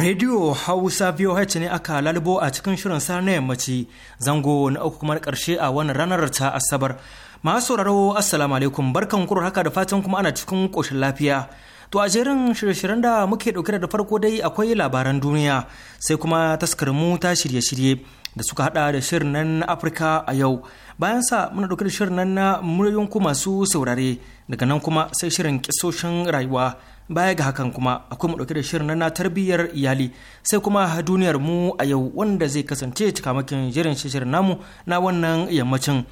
Radio Hausa VOH ne aka lalubo a cikin shirin sa na yammaci zango na uku kuma na ƙarshe a wannan ranar ta Asabar. Masu sauraro Assalamu alaikum barkan kuro haka da fatan kuma ana cikin ƙoshin lafiya. To a jerin shirye-shiryen da muke ɗauke da farko dai akwai labaran duniya sai kuma taskar mu ta shirye-shirye da suka hada da shirin nan na Afirka a yau. Bayan sa muna ɗauke da shirin nan na muryoyin ku masu saurare daga nan kuma sai shirin kisoshin rayuwa. baya ga hakan kuma akwai mu dauke da shirin na tarbiyyar iyali sai kuma duniyar mu a yau wanda zai kasance cikamakin jirin shirin namu na wannan yammacin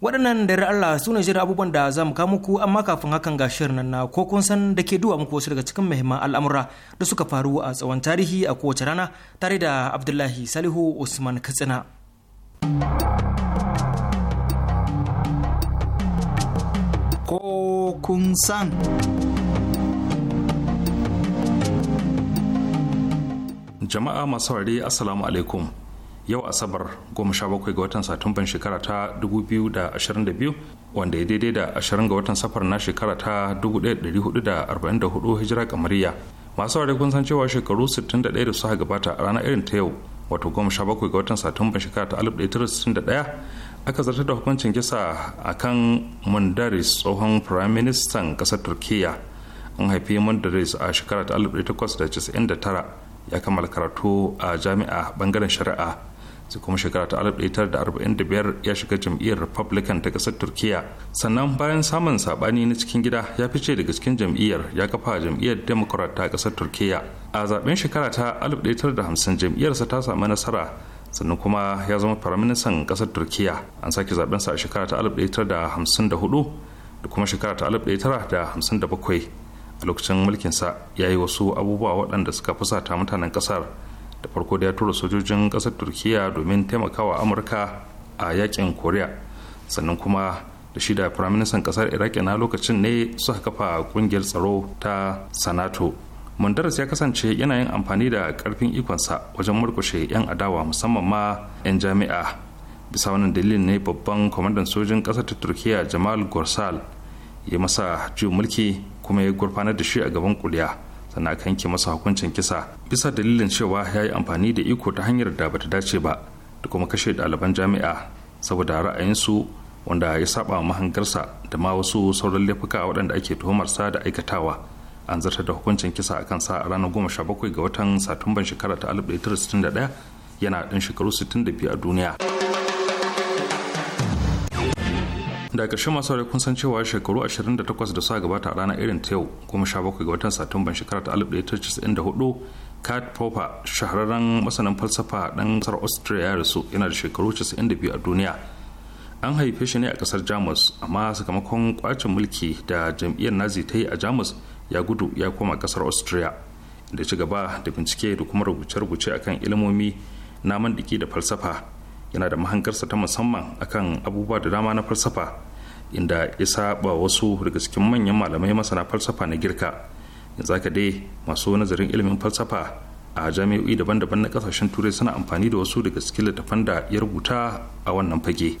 waɗannan da Allah su ne jirin abubuwan da za mu kawo muku amma kafin hakan ga shirin na ko kun san da ke duwa muku wasu daga cikin muhimman al'amura da suka faru a tsawon tarihi a kowace rana tare da Abdullahi Salihu Usman Katsina. Ko kun san. jama'a masu saurari assalamu alaikum yau asabar 17 ga watan satumban shekara ta 2022 wanda ya daidai da 20 ga watan safar na shekara ta 1444 hijira kamariya masu saurari kun san cewa shekaru 61 da suka gabata a ranar irin ta yau wato 17 ga watan satumban shekara ta 1961 aka zartar da hukuncin kisa a kan mundaris tsohon firaministan ƙasar turkiyya an haifi mundaris a shekara ta 1899 ya kammala karatu a jami'a bangaren shari'a sai kuma shekara ta 1945 ya shiga jam'iyyar republican ta kasar turkiya sannan bayan samun sabani na cikin gida ya fice daga cikin jam'iyyar ya kafa jam'iyyar democrat ta ƙasar turkiya a zaben shekara ta 1950 jam'iyyarsa ta samu nasara sannan kuma ya zama firaministan kasar turkiya an sake zaben sa a shekara ta 1954 da kuma shekara ta 1957 a lokacin mulkinsa ya yi wasu abubuwa waɗanda suka fusata mutanen ƙasar da farko da ya tura sojojin ƙasar turkiya domin taimakawa amurka a yakin koriya sannan kuma da shi da firaministan ƙasar iraki na lokacin ne suka kafa ƙungiyar tsaro ta sanato mandaras ya kasance yana yin amfani da ƙarfin ikonsa wajen murkushe 'yan adawa musamman ma 'yan jami'a bisa wannan dalilin ne babban kwamandan sojin ƙasar ta turkiya jamal gorsal ya masa juyin mulki kuma ya gurfanar da shi a gaban kuliya sannan aka yanke masa hukuncin kisa bisa dalilin cewa ya yi amfani da iko ta hanyar da bata dace ba da kuma kashe ɗaliban jami'a saboda ra'ayinsu wanda ya saba mahangarsa da ma wasu sauran laifuka waɗanda ake tuhumarsa da aikatawa an zartar da hukuncin kisa a kansa a ranar goma sha bakwai ga watan satumban shekara ta 1961 yana ɗan shekaru 62 a duniya. da ƙarshen masu rai kun san cewa shekaru 28 da suka gabata a ranar irin ta yau kuma 17 ga watan satumban shekara ta 1994 kat popa shahararren masanin falsafa ɗan ƙasar austria ya rasu yana da shekaru 92 a duniya an haife shi ne a ƙasar jamus amma sakamakon kwacin mulki da jam'iyyar nazi ta yi a jamus ya gudu ya koma ƙasar austria da ci gaba da bincike da kuma rubuce-rubuce akan ilimomi na mandiki da falsafa yana da mahangarsa ta musamman akan abubuwa da dama na falsafa inda ya saba wasu daga cikin manyan malamai masana falsafa na girka yanzu haka dai masu nazarin ilimin falsafa a jami'o'i daban-daban na kasashen turai suna amfani da wasu daga cikin littattafan da ya rubuta a wannan fage.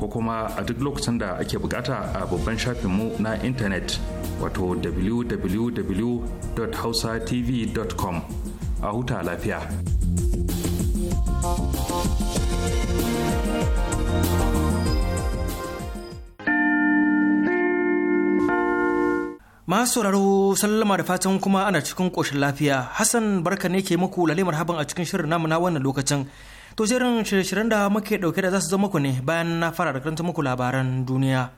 ko kuma a duk lokacin da ake bukata a babban shafinmu na intanet wato www.hausatv.com a huta lafiya. Masu sauraro sallama da fatan kuma ana cikin koshin lafiya. Hassan barka ne ke muku lalimar haban a cikin shirin namu na wannan lokacin. To jerin shirye-shiryen da muke dauke da za su zama ku ne bayan na fara da karanta muku labaran duniya.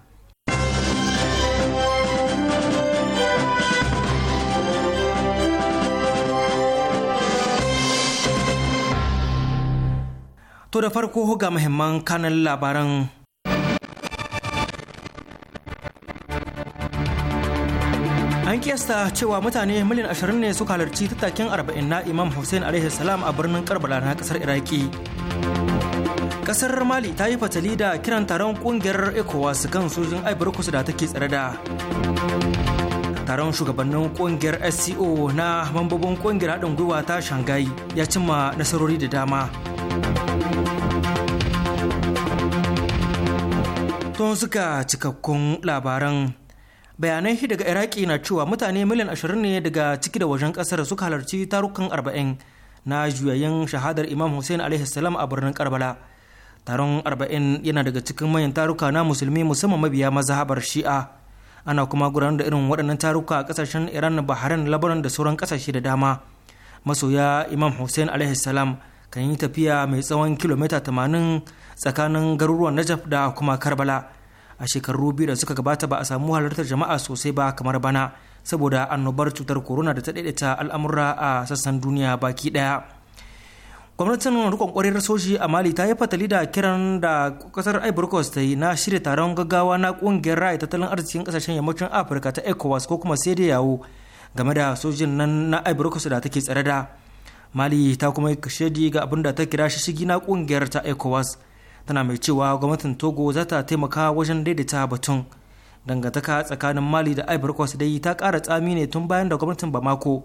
To da farko ga muhimman kanan labaran an kiyasta cewa mutane miliyan 20 ne suka halarci tattakin arba'in na imam hussein alaihi salam a birnin karbala na kasar iraki kasar mali ta yi fatali da kiran taron kungiyar ecowas kan sojin ivory da take tsare da taron shugabannin kungiyar sco na mambobin kungiyar haɗin gwiwa ta Shangai ya cimma nasarori da dama tun suka cikakkun labaran bayanan shi daga iraki na cewa mutane miliyan ashirin ne daga ciki da wajen kasar suka halarci tarukan arba'in na juyayyen shahadar imam hussein alaihi a birnin karbala taron arba'in yana daga cikin manyan taruka na musulmi musamman mabiya mazhabar shi'a ana kuma gudanar da irin waɗannan taruka a ƙasashen iran bahrain labaran da sauran ƙasashe da dama masoya imam hussein alaihi kan yi tafiya mai tsawon kilomita tamanin tsakanin garuruwan najaf da kuma karbala a shekaru biyu da suka gabata ba a samu halartar jama'a sosai ba kamar bana saboda annobar cutar corona da ta daidaita al'amura a sassan duniya baki daya gwamnatin rikon kwarar soji a mali ta yi fatali da kiran da kasar ivory coast ta yi na shirya taron gaggawa na kungiyar ra'ayi tattalin arzikin kasashen yammacin afirka ta ecowas ko kuma sai da yawo game da sojin nan na ivory coast da take tsare da mali ta kuma yi kashedi ga abin da ta kira shi shigi na kungiyar ta ecowas tana mai cewa gwamnatin togo za ta taimaka wajen daidaita batun dangantaka tsakanin mali da ivory coast dai ta kara tsami ne tun bayan da gwamnatin bamako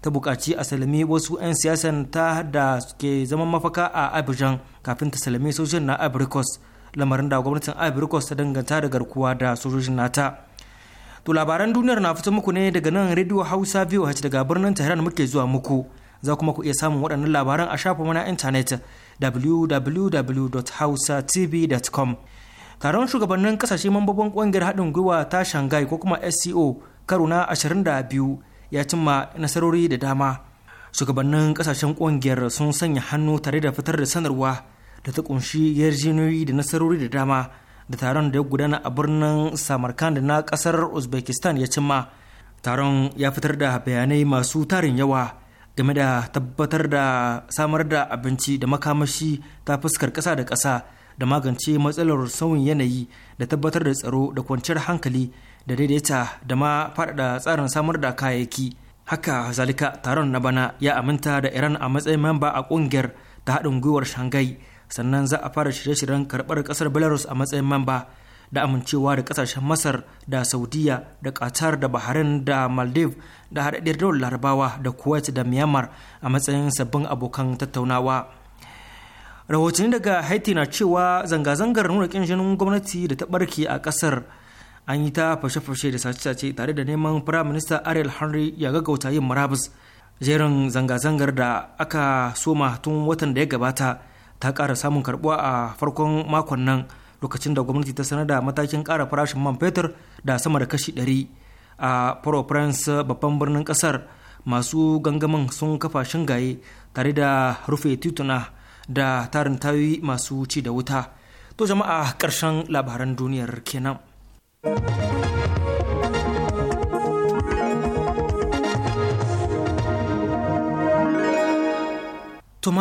ta buƙaci a salami wasu 'yan siyasan ta da ke zama mafaka a abidjan kafin ta salami sojojin na ivory coast lamarin da gwamnatin ivory coast ta danganta da garkuwa da sojojin nata to labaran duniyar na fito muku ne daga nan radio hausa voh daga birnin tehran muke zuwa muku za kuma ku iya samun waɗannan labaran a shafinmu na intanet www.hausatv.com taron shugabannin kasashe mambobin ƙungiyar haɗin gwiwa ta shanghai ko kuma sco karo na 22 ya cimma nasarori da dama shugabannin kasashen ƙungiyar sun sanya hannu tare da fitar da sanarwa da ta kunshi yarjejeniyoyi da nasarori da dama da taron da ya gudana a birnin samarkand na kasar uzbekistan ya cimma taron ya fitar da bayanai masu tarin yawa game da tabbatar da samar da abinci da makamashi ta fuskar ƙasa da ƙasa da magance matsalar sauyin yanayi da tabbatar da tsaro da kwanciyar hankali da daidaita da ma faɗaɗa tsarin samar da kayayyaki haka zalika taron na bana ya aminta da iran a matsayin mamba a ƙungiyar ta haɗin gwiwar shangai sannan za a fara shirye-shiryen karɓar ƙasar belarus a matsayin mamba da amincewa da kasashen masar da saudiya da qatar da bahrain da maldives da haɗaɗɗiyar dawar larabawa da kuwait da myanmar a matsayin sabbin abokan tattaunawa rahotanni daga haiti na cewa zanga-zangar nuna ƙin jinin gwamnati da ta ɓarke a ƙasar an yi ta fashe-fashe da sace-sace tare da neman minista ariel henry ya gaggauta yin marabus jerin zanga-zangar da aka soma tun watan da ya gabata ta ƙara samun karbuwa a farkon makon nan lokacin da gwamnati ta sanar da matakin ƙara farashin man fetur da sama da kashi 100 a port au babban birnin kasar masu gangamin sun kafa shingaye tare da rufe tituna da tarin tayoyi masu ci da wuta to jama'a ƙarshen labaran duniyar kenan. To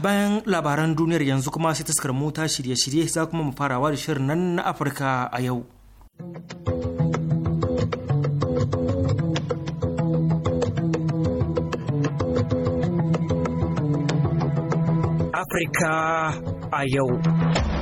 bayan labaran duniyar yanzu kuma sai taskar mota shirye-shirye za kuma mu farawa da shirin nan na Afirka a yau. Afirka a yau.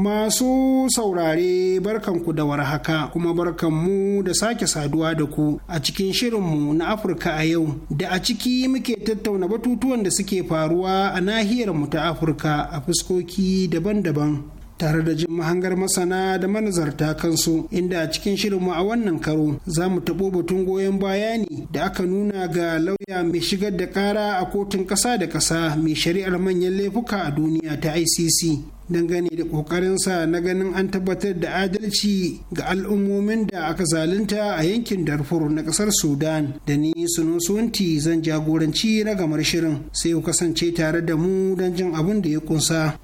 Masu saurare barkanku da warhaka kuma barkanmu da sake saduwa da ku a cikin shirinmu na Afirka a yau da a ciki muke tattauna batutuwan da suke faruwa a nahiyar mu ta Afirka a fuskoki daban-daban tare da jin mahangar masana da manazarta kansu inda a cikin mu a wannan karo za mu taɓo batun goyon bayani da aka nuna ga lauya mai shigar da ƙara a kotun ƙasa da ƙasa mai shari'ar manyan laifuka a duniya ta icc dangane da ƙoƙarinsa na ganin an tabbatar da adalci ga al'ummomin da aka zalunta a yankin darfur na kasar sudan da ni suno suwanti zan jagoranci gamar shirin sai ku kasance tare da mu don jin abin da ya kunsa.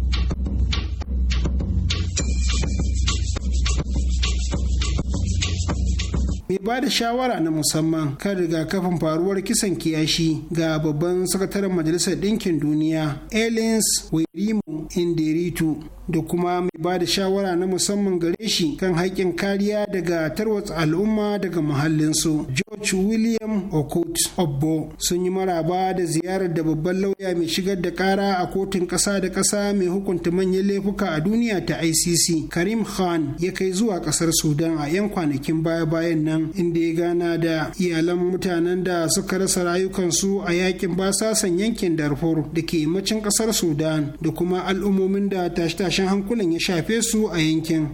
ya ba da shawara na musamman kan rigakafin faruwar kisan kiyashi ga babban sakataren majalisar ɗinkin duniya elins wairimu inderitu da kuma mai ba da shawara na musamman gare shi kan haƙƙin kariya daga tarwatsa al'umma daga muhallinsu george william okut obbo sun yi maraba da ziyarar da babban lauya mai shigar da kara a kotun ƙasa da ƙasa mai hukunta manyan laifuka a duniya ta icc karim khan ya kai zuwa ƙasar sudan a 'yan kwanakin baya-bayan nan inda ya gana da iyalan mutanen da suka rasa rayukansu a yakin basasan yankin darfur da ke yammacin ƙasar sudan da kuma al'ummomin da tashe-tashe tashe hankulan ya shafe su a yankin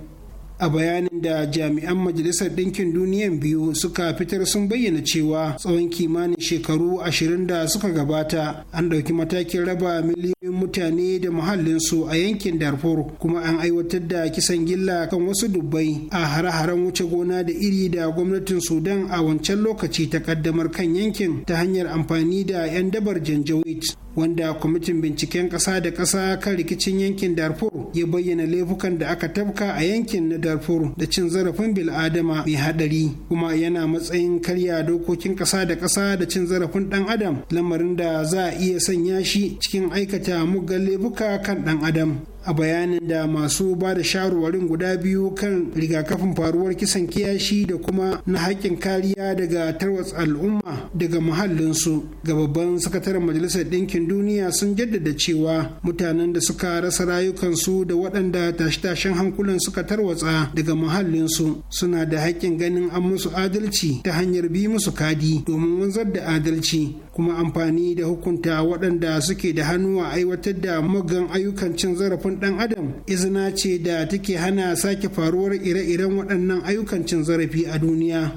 a bayanin da jami'an majalisar ɗinkin duniyan biyu suka fitar sun bayyana cewa tsawon kimanin shekaru ashirin da suka gabata an ɗauki matakin raba miliyoyin mutane da muhallinsu a yankin darfur kuma an aiwatar da kisan gilla kan wasu dubbai a hare-haren wuce gona da iri da gwamnatin sudan a wancan lokaci ta kaddamar kan yankin ta hanyar amfani da 'yan dabar janjawit wanda kwamitin binciken ƙasa da ƙasa kan rikicin yankin darfur ya bayyana laifukan da aka tafka a yankin na darfur da cin zarafin bil'adama mai haɗari kuma yana matsayin karya dokokin ƙasa da ƙasa da cin zarafin ɗan adam lamarin da za a iya sanya shi cikin aikata muggan laifuka kan ɗan adam a bayanin da masu ba da shawarwarin guda biyu kan rigakafin faruwar kisan kiyashi da kuma na haƙƙin kariya daga tarwatsa al'umma daga muhallinsu ga babban sakataren majalisar ɗinkin duniya sun jaddada cewa mutanen da suka rasa rayukansu da waɗanda tashe-tashen hankulan suka tarwatsa daga muhallinsu suna da haƙƙin ganin an musu adalci ta hanyar bi musu kadi domin wanzar da adalci kuma amfani da hukunta waɗanda suke da hannu a aiwatar da magan ayyukan cin zarafin rayuwar ɗan adam izina ce da take hana sake faruwar ire-iren waɗannan ayyukan cin zarafi a duniya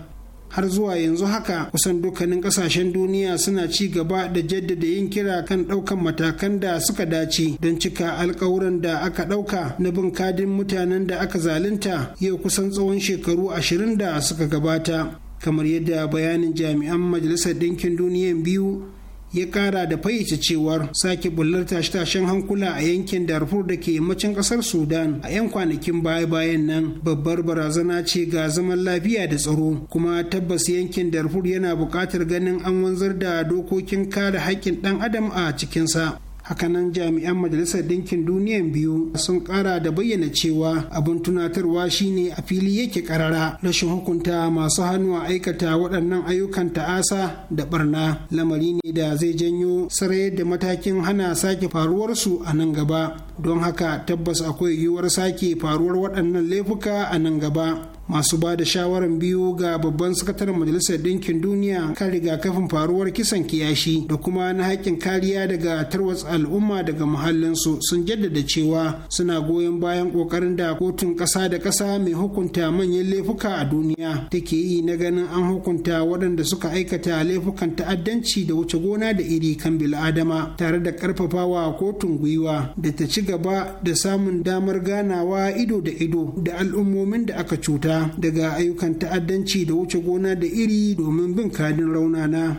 har zuwa yanzu haka kusan dukkanin ƙasashen duniya suna ci gaba da jaddada yin kira kan ɗaukan matakan da suka dace don cika alkawuran da aka ɗauka na bin kadin mutanen da aka zalunta yau kusan tsawon shekaru ashirin da suka gabata kamar yadda bayanin jami'an majalisar ɗinkin duniyan biyu ya kara da fayyace cewar sake bullar tashe-tashen hankula a yankin darfur da ke yammacin kasar sudan a 'yan kwanakin baya-bayan nan babbar barazana ce ga zaman lafiya da tsaro kuma tabbas yankin darfur yana buƙatar ganin an wanzar da dokokin kare haƙƙin ɗan adam a cikinsa hakanan jami'an majalisar ɗinkin duniyan biyu sun ƙara da bayyana cewa abin tunatarwa shine a fili yake karara rashin hukunta masu hannu a aikata waɗannan ayyukan ta'asa da ɓarna. lamari ne da zai janyo sarayar da matakin hana sake faruwarsu a nan gaba don haka tabbas akwai yiwuwar sake faruwar waɗannan laifuka a nan gaba masu ba da shawarar biyu ga babban sakataren majalisar ɗinkin duniya kan rigakafin faruwar kisan kiyashi da kuma na haƙƙin kariya daga tarwatsa al'umma daga muhallinsu sun jaddada cewa suna goyon bayan ƙoƙarin da kotun ƙasa da ƙasa mai hukunta manyan laifuka a duniya take yi na ganin an hukunta waɗanda suka aikata laifukan ta'addanci da wuce gona da iri kan bil'adama tare da ƙarfafawa kotun gwiwa da ta ci gaba da samun damar ganawa ido da ido da al'ummomin da aka cuta daga ayyukan ta'addanci da wuce gona da iri domin bin kadin raunana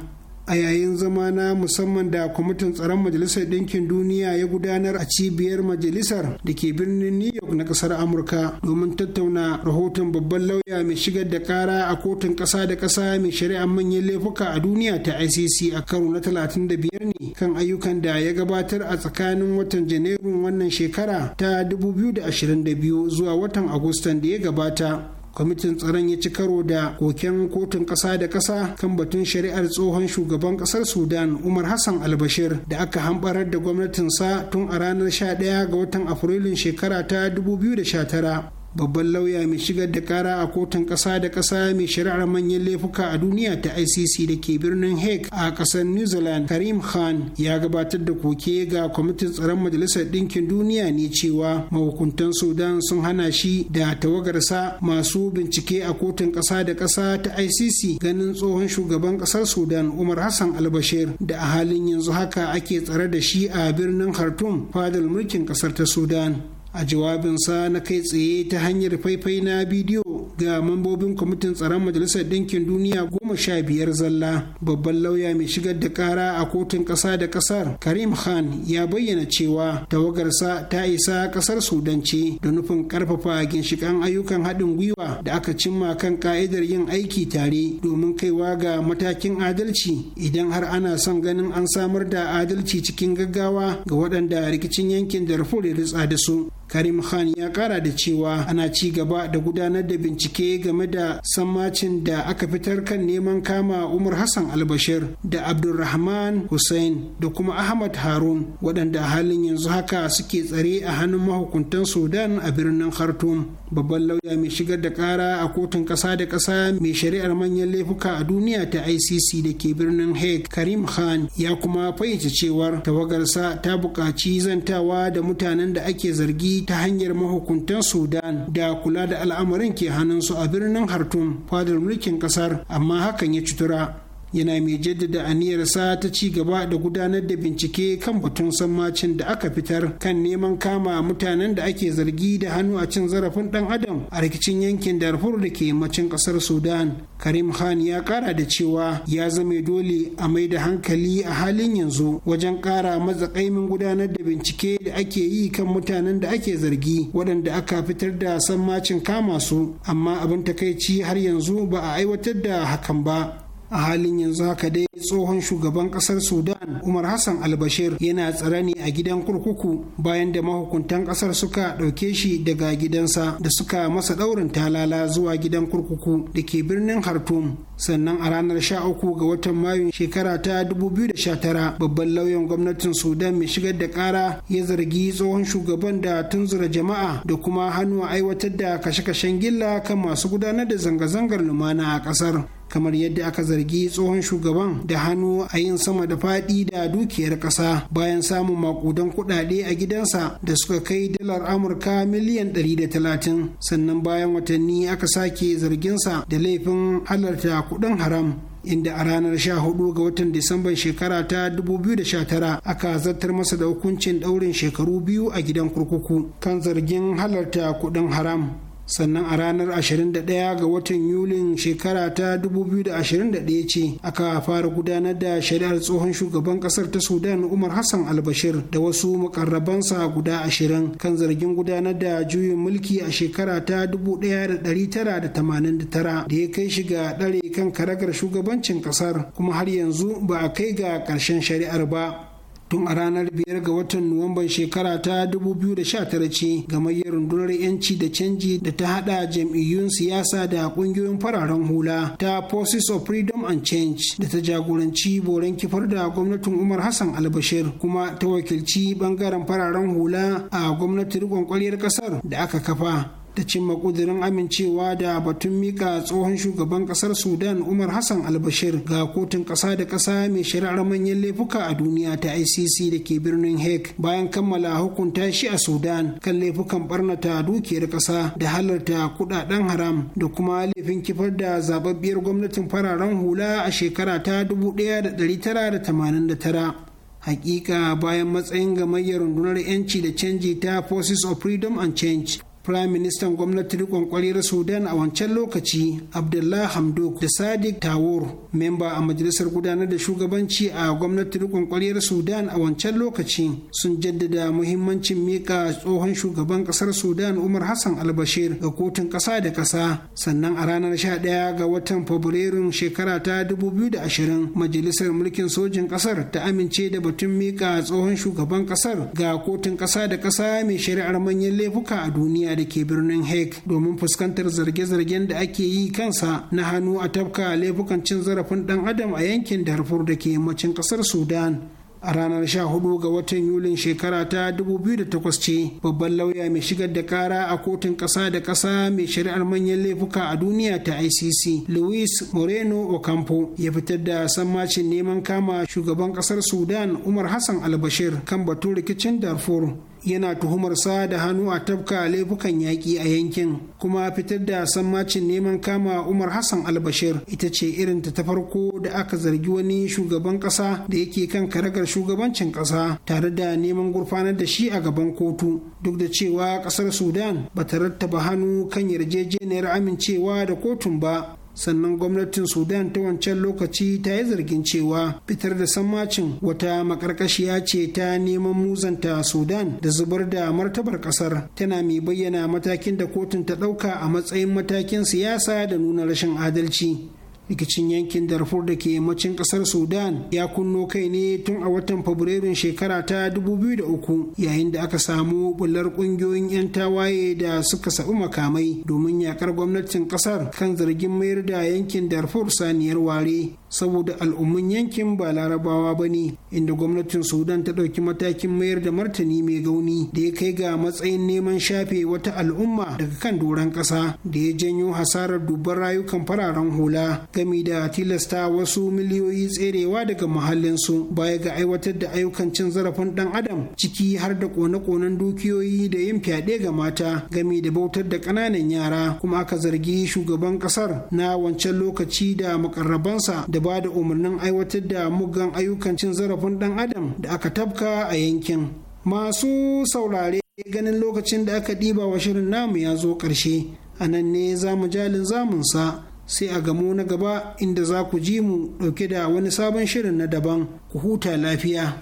a yayin zama na musamman da kwamitin tsaron majalisar ɗinkin duniya ya gudanar a cibiyar majalisar da ke birnin new york na ƙasar amurka domin tattauna rahoton babban lauya mai shigar da ƙara a kotun ƙasa da ƙasa mai shari'ar manyan laifuka a duniya ta icc a karo na 35 ne kan ayyukan da ya gabatar a tsakanin watan janairun wannan shekara ta 2022 zuwa watan agustan da ya gabata kwamitin tsaron ya ci karo da koken kotun ƙasa da ƙasa kan batun shari'ar tsohon shugaban ƙasar sudan umar hassan albashir da aka hambarar da gwamnatinsa tun a ranar 11 ga watan afrilun shekara ta 2019 babban lauya mai shigar da kara a kotun ƙasa da ƙasa mai shari'ar manyan laifuka a duniya ta icc da ke birnin hague a ƙasar new zealand karim khan ya gabatar da koke ga kwamitin tsaron majalisar ɗinkin duniya ne cewa mahukuntan sudan sun hana shi da tawagarsa masu bincike a kotun ƙasa da ƙasa ta icc ganin tsohon shugaban ƙasar sudan umar hassan albashir da a halin yanzu haka ake tsare da shi a birnin khartoum fadar mulkin ƙasar ta sudan a jawabinsa na kai tsaye ta hanyar faifai na bidiyo ga mambobin kwamitin tsaron majalisar ɗinkin duniya goma sha biyar zalla babban lauya mai shigar da kara a kotun ƙasa da ƙasar karim khan ya bayyana cewa tawagarsa ta isa ƙasar sudan ce da nufin ƙarfafa ginshikan ayyukan haɗin gwiwa da aka cimma kan ka'idar yin aiki tare domin kaiwa ga matakin adalci idan har ana son ganin an samar da adalci cikin gaggawa ga waɗanda rikicin yankin darfur ya ritsa da su Karim Khan ya kara da cewa ana ci gaba da gudanar da bincike game da sammacin da aka fitar kan neman kama Umar Hassan Albashir da Abdulrahman Hussein da kuma Ahmad Harun waɗanda a halin yanzu haka suke tsare a hannun mahukuntan Sudan a birnin Khartoum. babban lauya mai shigar da kara a kotun kasa da kasa mai shari'ar manyan laifuka a duniya ta icc da ke birnin hague karim khan ya kuma fayyace cewar tawagarsa ta buƙaci zantawa da mutanen da ake zargi ta hanyar mahukuntan sudan da kula da al'amarin ke hannunsu a birnin hartum fadar mulkin kasar amma hakan ya cutura yana mai jaddada aniyarsa ta ci gaba da gudanar da bincike kan batun sammacin da aka fitar kan neman kama mutanen da ake zargi da hannu a cin zarafin dan adam a rikicin yankin darfur da ke macin kasar sudan karim khan ya kara da cewa ya zame dole a mai da hankali a halin yanzu wajen kara matsakaimin gudanar da bincike da ake yi kan mutanen da ake zargi waɗanda aka fitar da sammacin kama su amma abin takaici har yanzu ba a aiwatar da hakan ba a halin yanzu haka dai tsohon shugaban kasar sudan umar hassan albashir yana tsare ne a gidan kurkuku bayan da mahukuntan kasar suka ɗauke shi daga gidansa da suka masa ɗaurin talala zuwa gidan kurkuku da ke birnin khartoum sannan a ranar sha uku ga watan mayu shekara ta 2019 babban lauyan gwamnatin sudan mai shigar da kara ya zargi tsohon shugaban da tunzura jama'a da kuma hannu aiwatar da kashe-kashen gilla kan masu gudanar da zanga-zangar lumana a kasar kamar yadda aka zargi tsohon shugaban da hannu a yin sama da faɗi da dukiyar ƙasa bayan samun makudan kuɗaɗe a gidansa da suka kai dalar amurka miliyan 130 sannan bayan watanni aka sake zarginsa da laifin halarta kuɗin haram inda a ranar 14 ga watan Disamban shekara ta 2019 aka zartar masa da hukuncin ɗaurin shekaru biyu a gidan kurkuku kan zargin halarta kuɗin haram sannan a ranar 21 ga watan yulin shekara ta 2021 ce aka fara gudanar da shari'ar tsohon shugaban kasar ta sudan umar hassan albashir da wasu makarrabansa guda ashirin kan zargin gudanar da juyin mulki a shekara ta 1989 da ya kai shi ga ɗare kan karagar shugabancin kasar kuma har yanzu ba a kai ga ƙarshen shari'ar ba tun a ranar biyar ga watan nuwamban shekara ta 2019 ce gamayyar rundunar yanci da canji da ta hada jam'iyyun siyasa da kungiyoyin fararen hula ta forces of freedom and change da ta jagoranci boren kifar da gwamnatin umar hassan albashir kuma ta wakilci bangaren fararen hula a gwamnatin rikon kwaliyar kasar da aka kafa da cimma kudirin amincewa da batun mika tsohon shugaban ƙasar sudan umar hassan albashir ga kotun kasa da kasa mai shari'ar manyan laifuka a duniya ta icc da ke birnin hague bayan kammala hukunta shi a sudan kan laifukan barnata dukiyar kasa da halarta kudaden haram da kuma laifin kifar da zababbiyar gwamnatin fararen hula a shekara ta 1989 hakika bayan matsayin gamayyar rundunar yanci da canji ta forces of freedom and change Firaministan gwamnatin riƙon kwarirar Sudan a wancan lokaci Abdullah Hamdok da Sadiq Tawur, memba a majalisar gudanar da shugabanci a Gwamnati riƙon kwarirar Sudan a wancan lokaci sun jaddada muhimmancin miƙa tsohon shugaban ƙasar Sudan Umar Hassan Albashir ga kotun ƙasa da ƙasa. Sannan a ranar 11 ga watan Fabrairun shekara ta 2020 majalisar mulkin sojin ƙasar ta amince da batun miƙa tsohon shugaban ƙasar ga kotun ƙasa da ƙasa mai shari'ar manyan laifuka a duniya da ke birnin hague domin fuskantar zarge-zargen da ake yi kansa na hannu a tafka laifukan cin zarafin dan adam a yankin darfur da ke yammacin kasar sudan a ranar 14 ga watan yulin shekara ta 2008 ce babban lauya mai shigar da kara a kotun ƙasa da ƙasa mai shari'ar manyan laifuka a duniya ta icc luis moreno ocampo ya fitar da sammacin neman kama shugaban ƙasar sudan umar hassan albashir kan batun rikicin darfur yana tuhumarsa da hannu a tafka laifukan yaƙi a yankin kuma fitar da sammacin neman kama umar hassan albashir ita ce irin ta farko da aka zargi wani shugaban ƙasa da yake kan karagar shugabancin ƙasa tare da neman gurfanar da shi a gaban kotu duk da cewa ƙasar sudan ba ta rattaba hannu kan yarjejeniyar amincewa da kotun ba sannan gwamnatin sudan ta wancan lokaci ta yi zargin cewa fitar da sammacin wata makarkashiya ce ta neman muzanta sudan da zubar da martabar kasar tana mai bayyana matakin da kotun ta ɗauka a matsayin matakin siyasa da nuna rashin adalci rikicin yankin darfur da ke yammacin kasar sudan ya kunno kai ne tun a watan fabrairun shekara ta 2003 yayin da aka samu bular kungiyoyin 'yan tawaye da suka sabu makamai domin yakar gwamnatin kasar kan zargin mayar da yankin darfur saniyar ware saboda al'ummun yankin ba larabawa ba ne inda gwamnatin sudan ta ɗauki matakin mayar da martani mai gauni da ya kai ga matsayin neman shafe wata al'umma daga kan doron ƙasa da ya janyo hasarar dubban rayukan fararen hula gami da tilasta wasu miliyoyi tserewa daga muhallinsu baya ga aiwatar da ayyukan cin zarafin ɗan adam ciki har da kone-konen dukiyoyi da yin fyaɗe ga mata gami da bautar da ƙananan yara kuma aka zargi shugaban ƙasar na wancan lokaci da makarrabansa da ba da umarnin aiwatar da muggan ayyukan cin zarafin ɗan adam da aka tabka a yankin masu saurare ganin lokacin da aka ɗiba wa shirin namu ya zo ƙarshe a nan ne za mu jalin zamunsa sai a gamo na gaba inda za ku ji mu ɗauke da wani sabon shirin na daban ku huta lafiya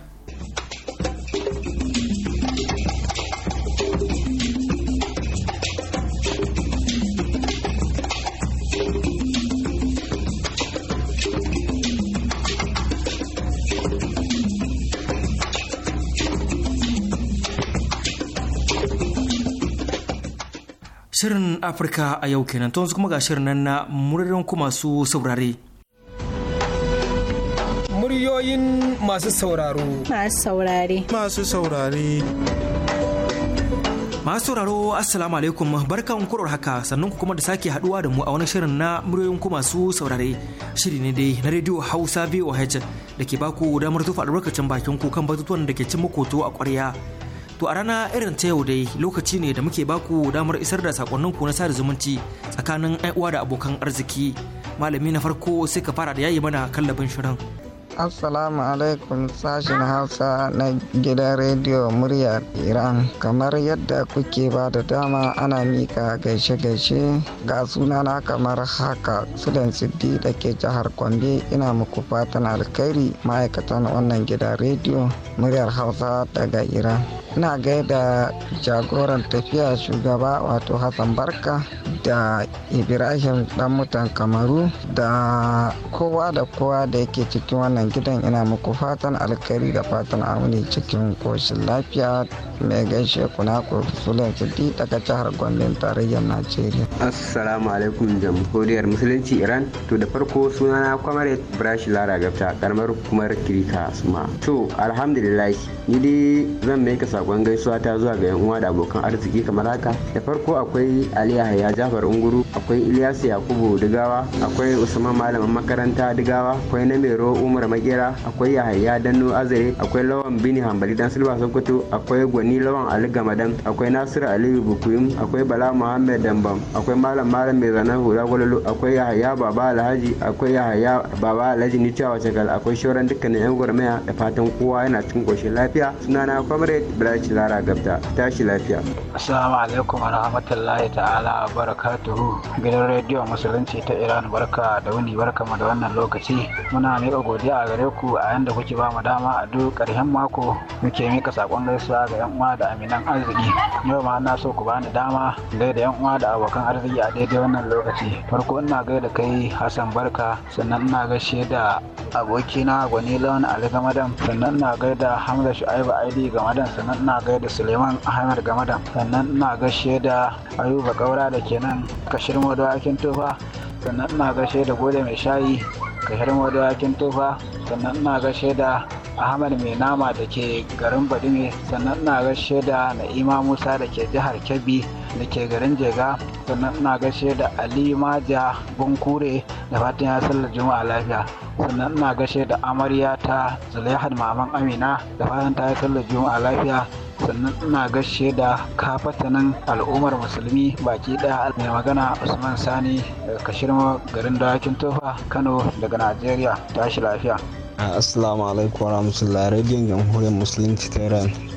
Shirin Afirka a yau kenan to kuma ga shirin nan na muririn ku masu saurare. Muryoyin masu sauraro. Masu saurare. Masu saurare. Masu sauraro Assalamu alaikum barkan kurar haka sannan ku kuma da sake haduwa da mu a wani shirin na muryoyin ku masu saurare shiri ne dai na rediyo Hausa VOH da ke baku damar tufa albarkacin bakin ku kan batutuwan da ke cin makoto a ƙwarya To a rana irin ta yau dai lokaci ne da muke baku damar isar da sakonninku na sada zumunci tsakanin uwa da abokan arziki. Malami na farko sai ka fara da yayi mana kallabin shirin. Assalamu alaikum sashen Hausa na gidan rediyo muryar Iran. Kamar yadda kuke ba da dama ana mika gaishe-gaishe ga sunana kamar haka Sudan Siddi da ke jihar Kwambe ina muku fatan alkhairi ma'aikatan wannan gidan rediyo muryar Hausa daga Iran. Ina gaida jagoran tafiya shugaba wato Hassan Barka da Ibrahim dan mutan Kamaru da kowa da kowa da yake cikin wannan wannan gidan ina muku fatan alkari da fatan amini cikin koshin lafiya mai gaishe kunako sulan sidi daga jihar Gombe tarayyar Najeriya. Assalamu alaikum jamhuriyar musulunci Iran. To da farko suna sunana kwamare Brashi Lara Gafta karamar kumar Kirika Suma. To alhamdulillah ni dai zan mai ka sakon gaisuwa ta zuwa ga yan uwa da abokan arziki kamar haka. Da farko akwai Ali Yahaya Jafar Unguru, akwai ilyasu Yakubu Digawa, akwai Usman malamin makaranta Digawa, akwai Namero Umar Makera, akwai Yahaya Danno Azare, akwai Lawan Bini Hambali Dan silba Sokoto, akwai Gwani ni lawan ali gamadan akwai nasiru aliyu bukuyum akwai bala muhammed dambam akwai malam malam mai zanen hula gwalolo akwai yahaya baba alhaji akwai yahaya baba alhaji ni cewa shagal akwai shauran dukkanin yan gwarmaya da fatan kowa yana cikin koshin lafiya sunana comrade brachi lara gabta tashi lafiya assalamu alaikum wa rahmatullahi ta'ala wa barakatuhu gidan rediyo musulunci ta iran barka da wuni barka mu da wannan lokaci muna miƙa godiya a gare ku a yanda kuke ba mu dama a duk ƙarshen mako muke miƙa saƙon gaisuwa ga yan uwa da aminan arziki yau ma na so ku bani dama gaida yan uwa da abokan arziki a daidai wannan lokaci farko ina gaida kai hassan barka sannan ina gaishe da abokina gwani lawan ali gamadan sannan ina gaida hamza shu'aibu aidi gamadan sannan ina gaida suleiman ahmed gamadan sannan ina gaishe da ayuba kaura da ke nan kashir madawakin tufa. sannan ina gaishe da gode mai shayi kashir madawakin tufa. sannan ina gaishe da ahmad mai nama da ke garin badime sannan ina gaishe da na'ima musa da ke jihar kebbi da ke garin jega sannan ina gaishe da ali maja bunkure da fatan ya sallar juma'a lafiya sannan ina gaishe da amarya ta zulaihad maman amina da fatan ta yi sallar juma'a lafiya sannan ina gaishe da kafatanin al'ummar musulmi baki daya mai magana usman sani daga kashirma garin dawakin tofa kano daga najeriya tashi lafiya assalamu alaikum warahmatullahi rediyon jamhuriyar musulunci ta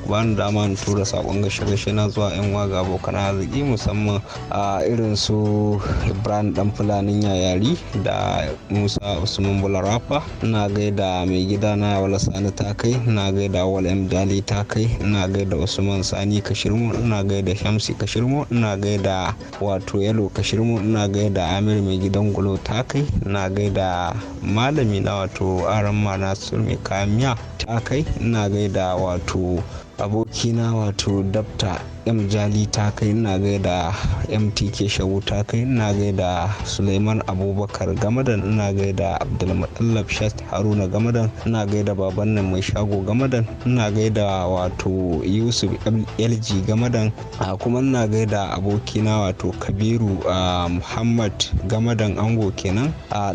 bani dama in tura sakon gashe-gashe na zuwa yan waga abokan arziki musamman a irin su ibrahim dan fulanin yayari da musa usman bularafa na gaida mai gida na wala sani ta kai na gaida wala mdali ta kai na gaida usman sani kashirmu na gaida shamsi kashirmu na gaida wato yalo kashirmu na gaida amir mai gidan gulo ta kai na gaida malami na wato aran mana sur mai kamiya ta kai na gaida wato abokina wato dabta m jali ta kai ina gaida mtk shagu ta kai ina gaida suleiman abubakar gamadan ina gaida abdulmutallab shat haruna gamadan ina gaida baban nan mai shago gamadan ina gaida wato yusuf lg gamadan kuma ina gaida abokina wato kabiru muhammad gamadan ango kenan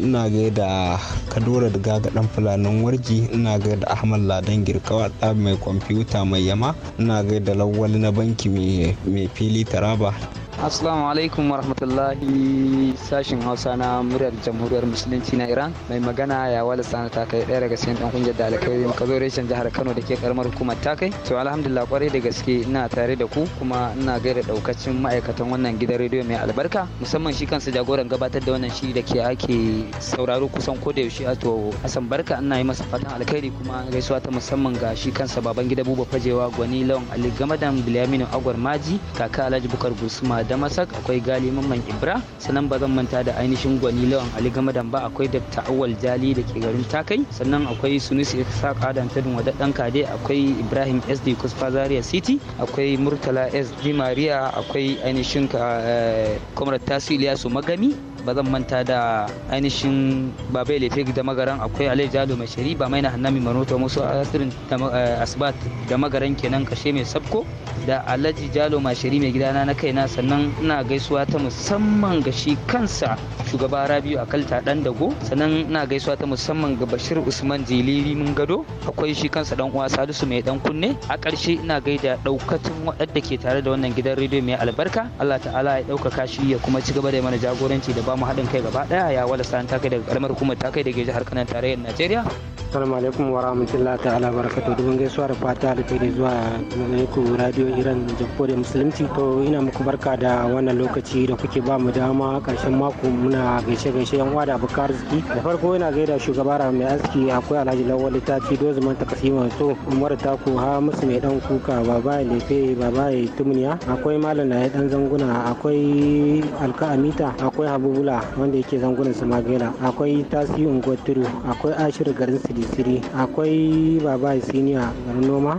ina gaida kadora da gagadan fulanin warji ina gaida ahmad ladan girkawa mai kwamfuta mai yama ina gaida lawali na banki mai mai fili taraba Assalamu alaikum wa rahmatullahi sashin Hausa na muryar Jamhuriyar Musulunci na Iran mai magana ya wala sana ta kai ɗaya daga cikin ɗan kungiyar da alkai ka jihar Kano da ke karamar hukumar ta kai to alhamdulillah kwarai da gaske ina tare da ku kuma ina gaida daukacin ma'aikatan wannan gidan rediyo mai albarka musamman shi kansa jagoran gabatar da wannan shi da ke ake sauraro kusan ko da yaushe a to asan Barka ina yi masa fatan alkhairi kuma gaisuwa ta musamman ga shi kansa baban gida Buba Fajewa Gwani Lawan Ali Gamadan bilyaminu Agwar Maji kaka Alhaji Bukar Gusuma damasak akwai gali mamman ibra sannan ba zan manta da ainihin gwani lawan ali gamadan ba akwai da awal jali da ke garin takai sannan akwai sunusi isaac kadan ta dun dan kade akwai ibrahim sd kusfa zaria city akwai murtala s maria akwai ainihin kamar eh, tasu iliyasu magami ba zan manta da ainihin babai lefe da magaran akwai alai jalo mai shari ba mai na hannami manoto musu asirin eh, asbat da magaran kenan kashe mai sabko da alaji jalo mai shari mai gidana na kaina sannan ina gaisuwa ta musamman ga shi kansa shugaba rabiu kalta dan dago sannan ina gaisuwa ta musamman ga bashir usman jiliri mun gado akwai shi kansa dan uwa salisu mai dan kunne a ƙarshe ina gaida daukatun waɗanda ke tare da wannan gidan rediyo mai albarka Allah ta'ala ya ɗaukaka shi ya kuma ci gaba da mana jagoranci da ba ba mu haɗin kai gaba ɗaya ya wala sa'an ta kai daga karamar hukumar ta kai daga jihar kanan tarayyar najeriya assalamu alaikum wa rahmatullahi ta'ala barakatu dubin gaisuwa da fata alkhairi zuwa alaikum radio iran jamhuriyar musulunci to ina muku barka da wannan lokaci da kuke ba mu dama karshen mako muna gaishe gaishe yan uwa da abokan arziki da farko ina gaida shugaba ra mai aski akwai alhaji lawal tafi dozu man ta kasima so umar ku ha musu mai dan kuka baba lefe baba tumniya akwai malam na dan zanguna akwai alka amita akwai habubu Sula wanda yake zangunan Samagera akwai Tasi Ungwaturu akwai Ashir garin Sidisiri akwai Baba Isiniya garin Noma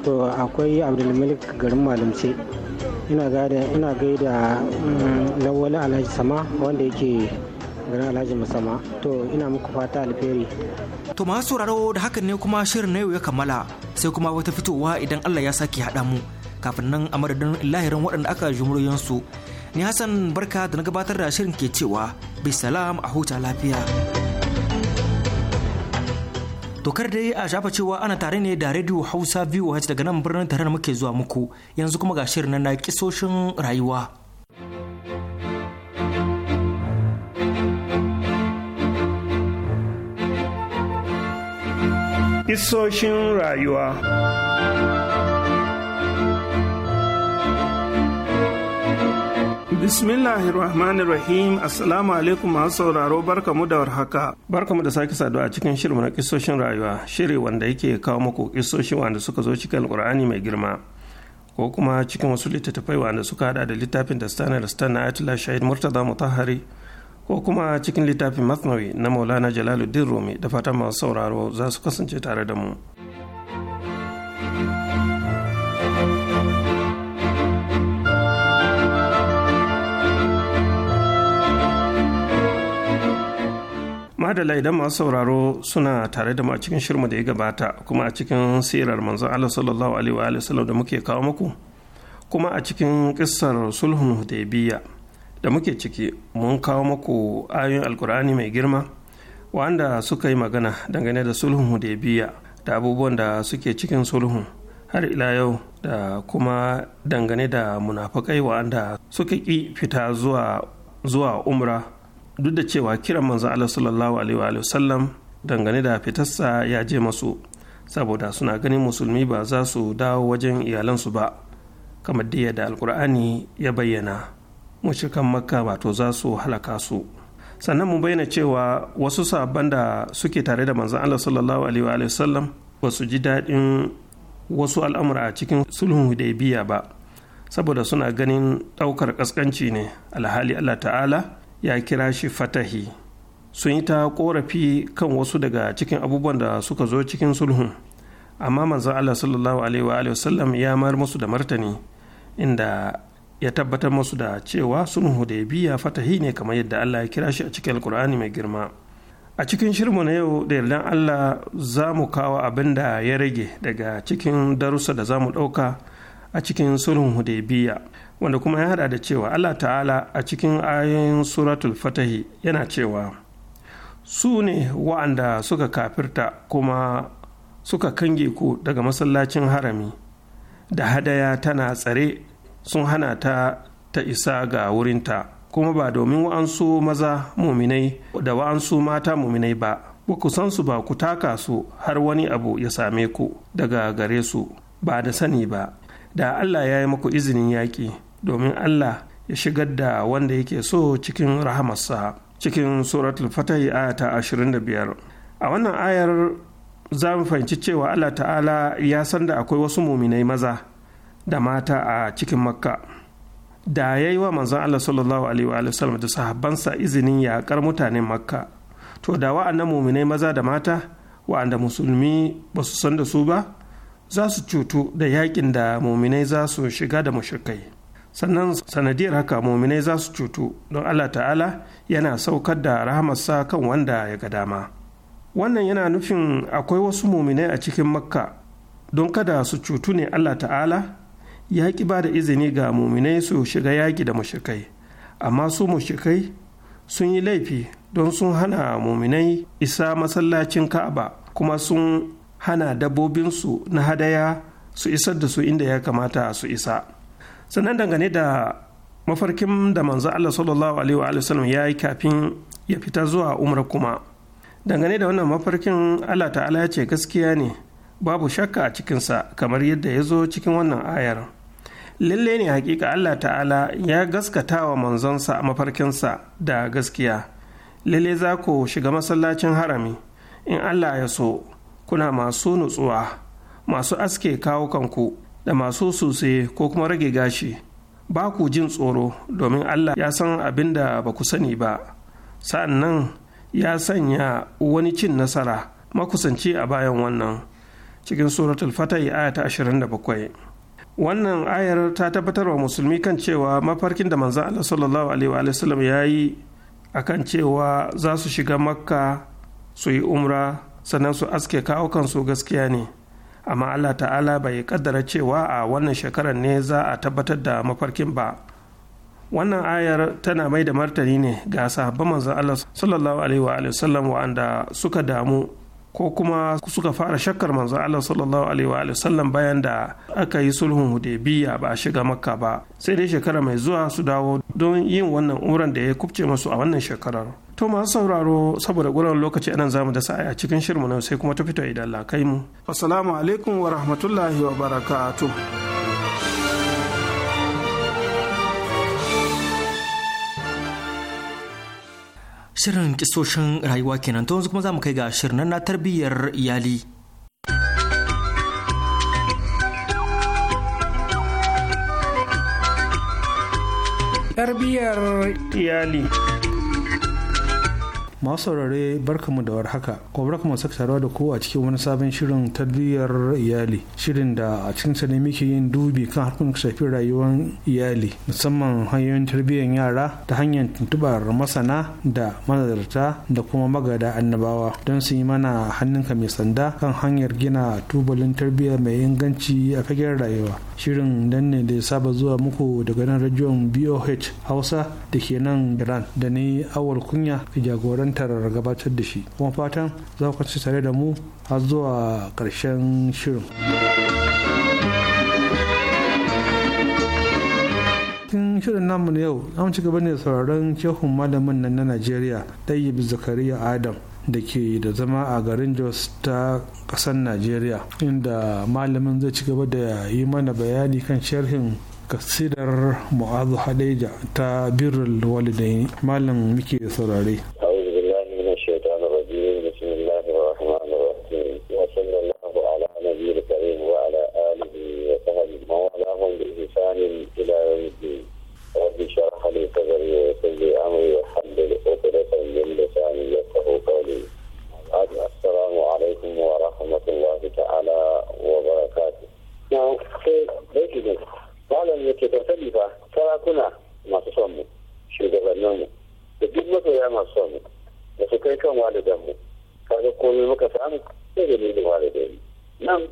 to akwai Abdulmalik garin Malamce ina gaida ina gaida mm, Lawal Alhaji Sama wanda yake garin Alhaji Musama to ina muku fata alheri to masu sauraro da hakan ne kuma shirin na yau ya kammala sai kuma wata fitowa idan Allah ya sake hada mu kafin nan a madadin lahirin waɗanda aka jumuriyansu su ni hassan barka da na gabatar da shirin ke cewa salam a huta lafiya tokar dai a shafa cewa ana tare ne da radio hausa voh daga nan birnin tare da muke zuwa muku yanzu kuma ga shirin na kisoshin rayuwa kisoshin rayuwa Bismillahirrahmanirrahim Assalamu alaikum masu sauraro barkamu da warhaka. Barkamu da sake saduwa a cikin shirin na kisoshin rayuwa, shiri wanda yake kawo muku kisoshi wanda suka zo cikin Alkur'ani mai girma. Ko kuma cikin wasu littattafai wanda suka hada da littafin da Stanley Stan na Atula Shahid Murtaza Mutahari ko kuma cikin littafin Masnawi na Maulana Jalaluddin Rumi da fatan masu sauraro za su kasance tare da mu. madala idan masu sauraro suna tare da mu a cikin shirma da ya gabata kuma a cikin sirar manzon Allah sallallahu alaihi wa sallam da muke kawo muku kuma a cikin kissar sulhun hudaybiya da muke ciki mun kawo muku ayoyin alkur'ani mai girma wanda suka yi magana dangane da sulhun hudaybiya da abubuwan da suke cikin sulhun har ila yau da kuma dangane da munafakai wa'anda suka ki fita zuwa zuwa umra duk da cewa kiran manzo Allah sallallahu alaihi wa sallam dangane da fitarsa ya je masu saboda suna ganin musulmi ba za su dawo wajen iyalansu ba kamar da yadda alkur'ani ya bayyana mushrikan makka wato za su halaka su sannan mu bayyana cewa wasu sabban da suke tare da manzo Allah sallallahu alaihi wa sallam ba su ji daɗin wasu al'amura a cikin sulhun hudaybiya ba saboda suna ganin ɗaukar ƙasƙanci ne alhali Allah ta'ala ya kira shi fatahi sun yi ta korafi kan wasu daga cikin abubuwan da suka zo cikin sulhun amma manzan Allah sallallahu alaihi wasallam ya mayar musu da martani inda ya tabbatar musu da cewa sulhun hudaybiya fatahi ne kamar yadda Allah ya kira shi a cikin alkur'ani mai girma a cikin shirmu na yau da yardan Allah za mu kawo abin da ya rage daga cikin darussa da za mu ɗauka a cikin sulhun hudaybiya wanda kuma ya hada da cewa Allah ta'ala a cikin ayoyin suratul fatahi yana cewa su ne wa'anda suka kafirta kuma suka kange ku daga masallacin harami da hadaya tana tsare sun hana ta ta isa ga wurinta kuma ba domin wa'ansu maza muminai da wa'ansu mata muminai ba ba ku san su ba ku taka su har wani abu ya same ku daga gare su ba da sani ba da Allah ya yi muku izinin yaƙi domin Allah ya shigar da wanda yake so cikin rahamarsa cikin suratul fatahi aya ta 25 a wannan ayar za mu fahimci cewa Allah ta'ala ya san da akwai wasu muminai maza da mata a cikin makka da ya yi wa manzan Allah sallallahu alaihi wa sallam da sahabbansa izinin yaƙar mutanen makka to da wa'annan muminai maza da mata wa'anda musulmi ba su san da su ba za su cutu da yakin da muminai za su shiga da mushrikai sannan sanadiyar haka muminai za su cutu don allah ta'ala yana saukar da rahamarsa kan wanda ya ga dama wannan yana nufin akwai wasu muminai a cikin makka don kada su cutu ne allah ta'ala ya ƙi ba da izini ga muminai su shiga yaƙi da mushrikai amma su mushrikai sun yi laifi don sun hana muminai isa masallacin ka'aba kuma sun hana dabbobinsu na hadaya su isar da su inda ya kamata su isa sannan dangane da mafarkin da manzo Allah sallallahu alaihi wa sallam ya yi kafin ya fita zuwa umra kuma dangane da wannan mafarkin Allah ta'ala ya ce gaskiya ne babu shakka a cikinsa kamar yadda ya zo cikin wannan ayar lalle ne hakika Allah ta'ala ya gaskata wa manzonsa mafarkinsa da gaskiya lalle za ku shiga masallacin harami in Allah ya so kuna masu nutsuwa masu aske kawo kanku da masu sosai ko kuma rage gashi ba ku jin tsoro domin Allah ya san abin da ba ku sani ba sa'an ya sanya wani cin nasara makusanci a bayan wannan cikin suratul fatai aya ta 27 wannan ayar ta tabbatar wa musulmi kan cewa mafarkin da manzan Allah sallallahu alaihi wa sallam ya yi a kan cewa za su shiga makka su yi umra sannan su aske kawo kansu gaskiya ne amma allah ta'ala bai kaddara cewa a wannan shekarar ne za a tabbatar da mafarkin ba wannan ayar tana mai da martani ne ga sahabban manzon allah sallallahu alaihi wa sallam wa'anda suka damu ko kuma suka fara shakkar manzo Allah sallallahu alaihi wa sallam bayan da aka yi sulhun hudaybiya ba a shiga makka ba sai dai shekara mai zuwa su dawo don yin wannan umran da ya kubce musu a wannan shekarar To masu sauraro saboda gurin lokaci anan zamu da sa'a a cikin shirmu na sai kuma ta fito idan Allah kai mu. Assalamu alaikum wa rahmatullahi wa barakatuh. Shirin kisoshin rayuwa kenan to yanzu kuma zamu kai ga shirin na tarbiyyar iyali. Tarbiyyar iyali. masu saurare barkamu da warhaka ko barkamu saka taruwa da ku a cikin wani sabon shirin tarbiyyar iyali shirin da a cikin sa ne muke yin dubi kan harkokin shafi rayuwar iyali musamman hanyoyin tarbiyyar yara ta hanyar tuntubar masana da manazarta da kuma magada annabawa don su yi mana hannunka mai sanda kan hanyar gina tubalin tarbiyya mai inganci a fagen rayuwa shirin dan ne da saba zuwa muku daga nan rajiyon boh hausa da ke nan iran da ni awal kunya ke jagoran jagorantar gabatar da shi kuma fatan za ku kasance tare da mu har zuwa karshen shirin cikin shirin namu na yau an ci gaba ne sauraron shehun malamin nan na najeriya ɗayyib zakariya adam da ke da zama a garin jos ta kasar najeriya inda malamin zai ci gaba da yi mana bayani kan sharhin kasidar mu'azu hadeja ta birrul walidaini malam muke saurare malam yake da sani ba sarakuna masu son mu shugabannin mu da duk masoya masu son mu da su kai kan walidan mu kaga komai muka samu sai da nuna walidan mu nan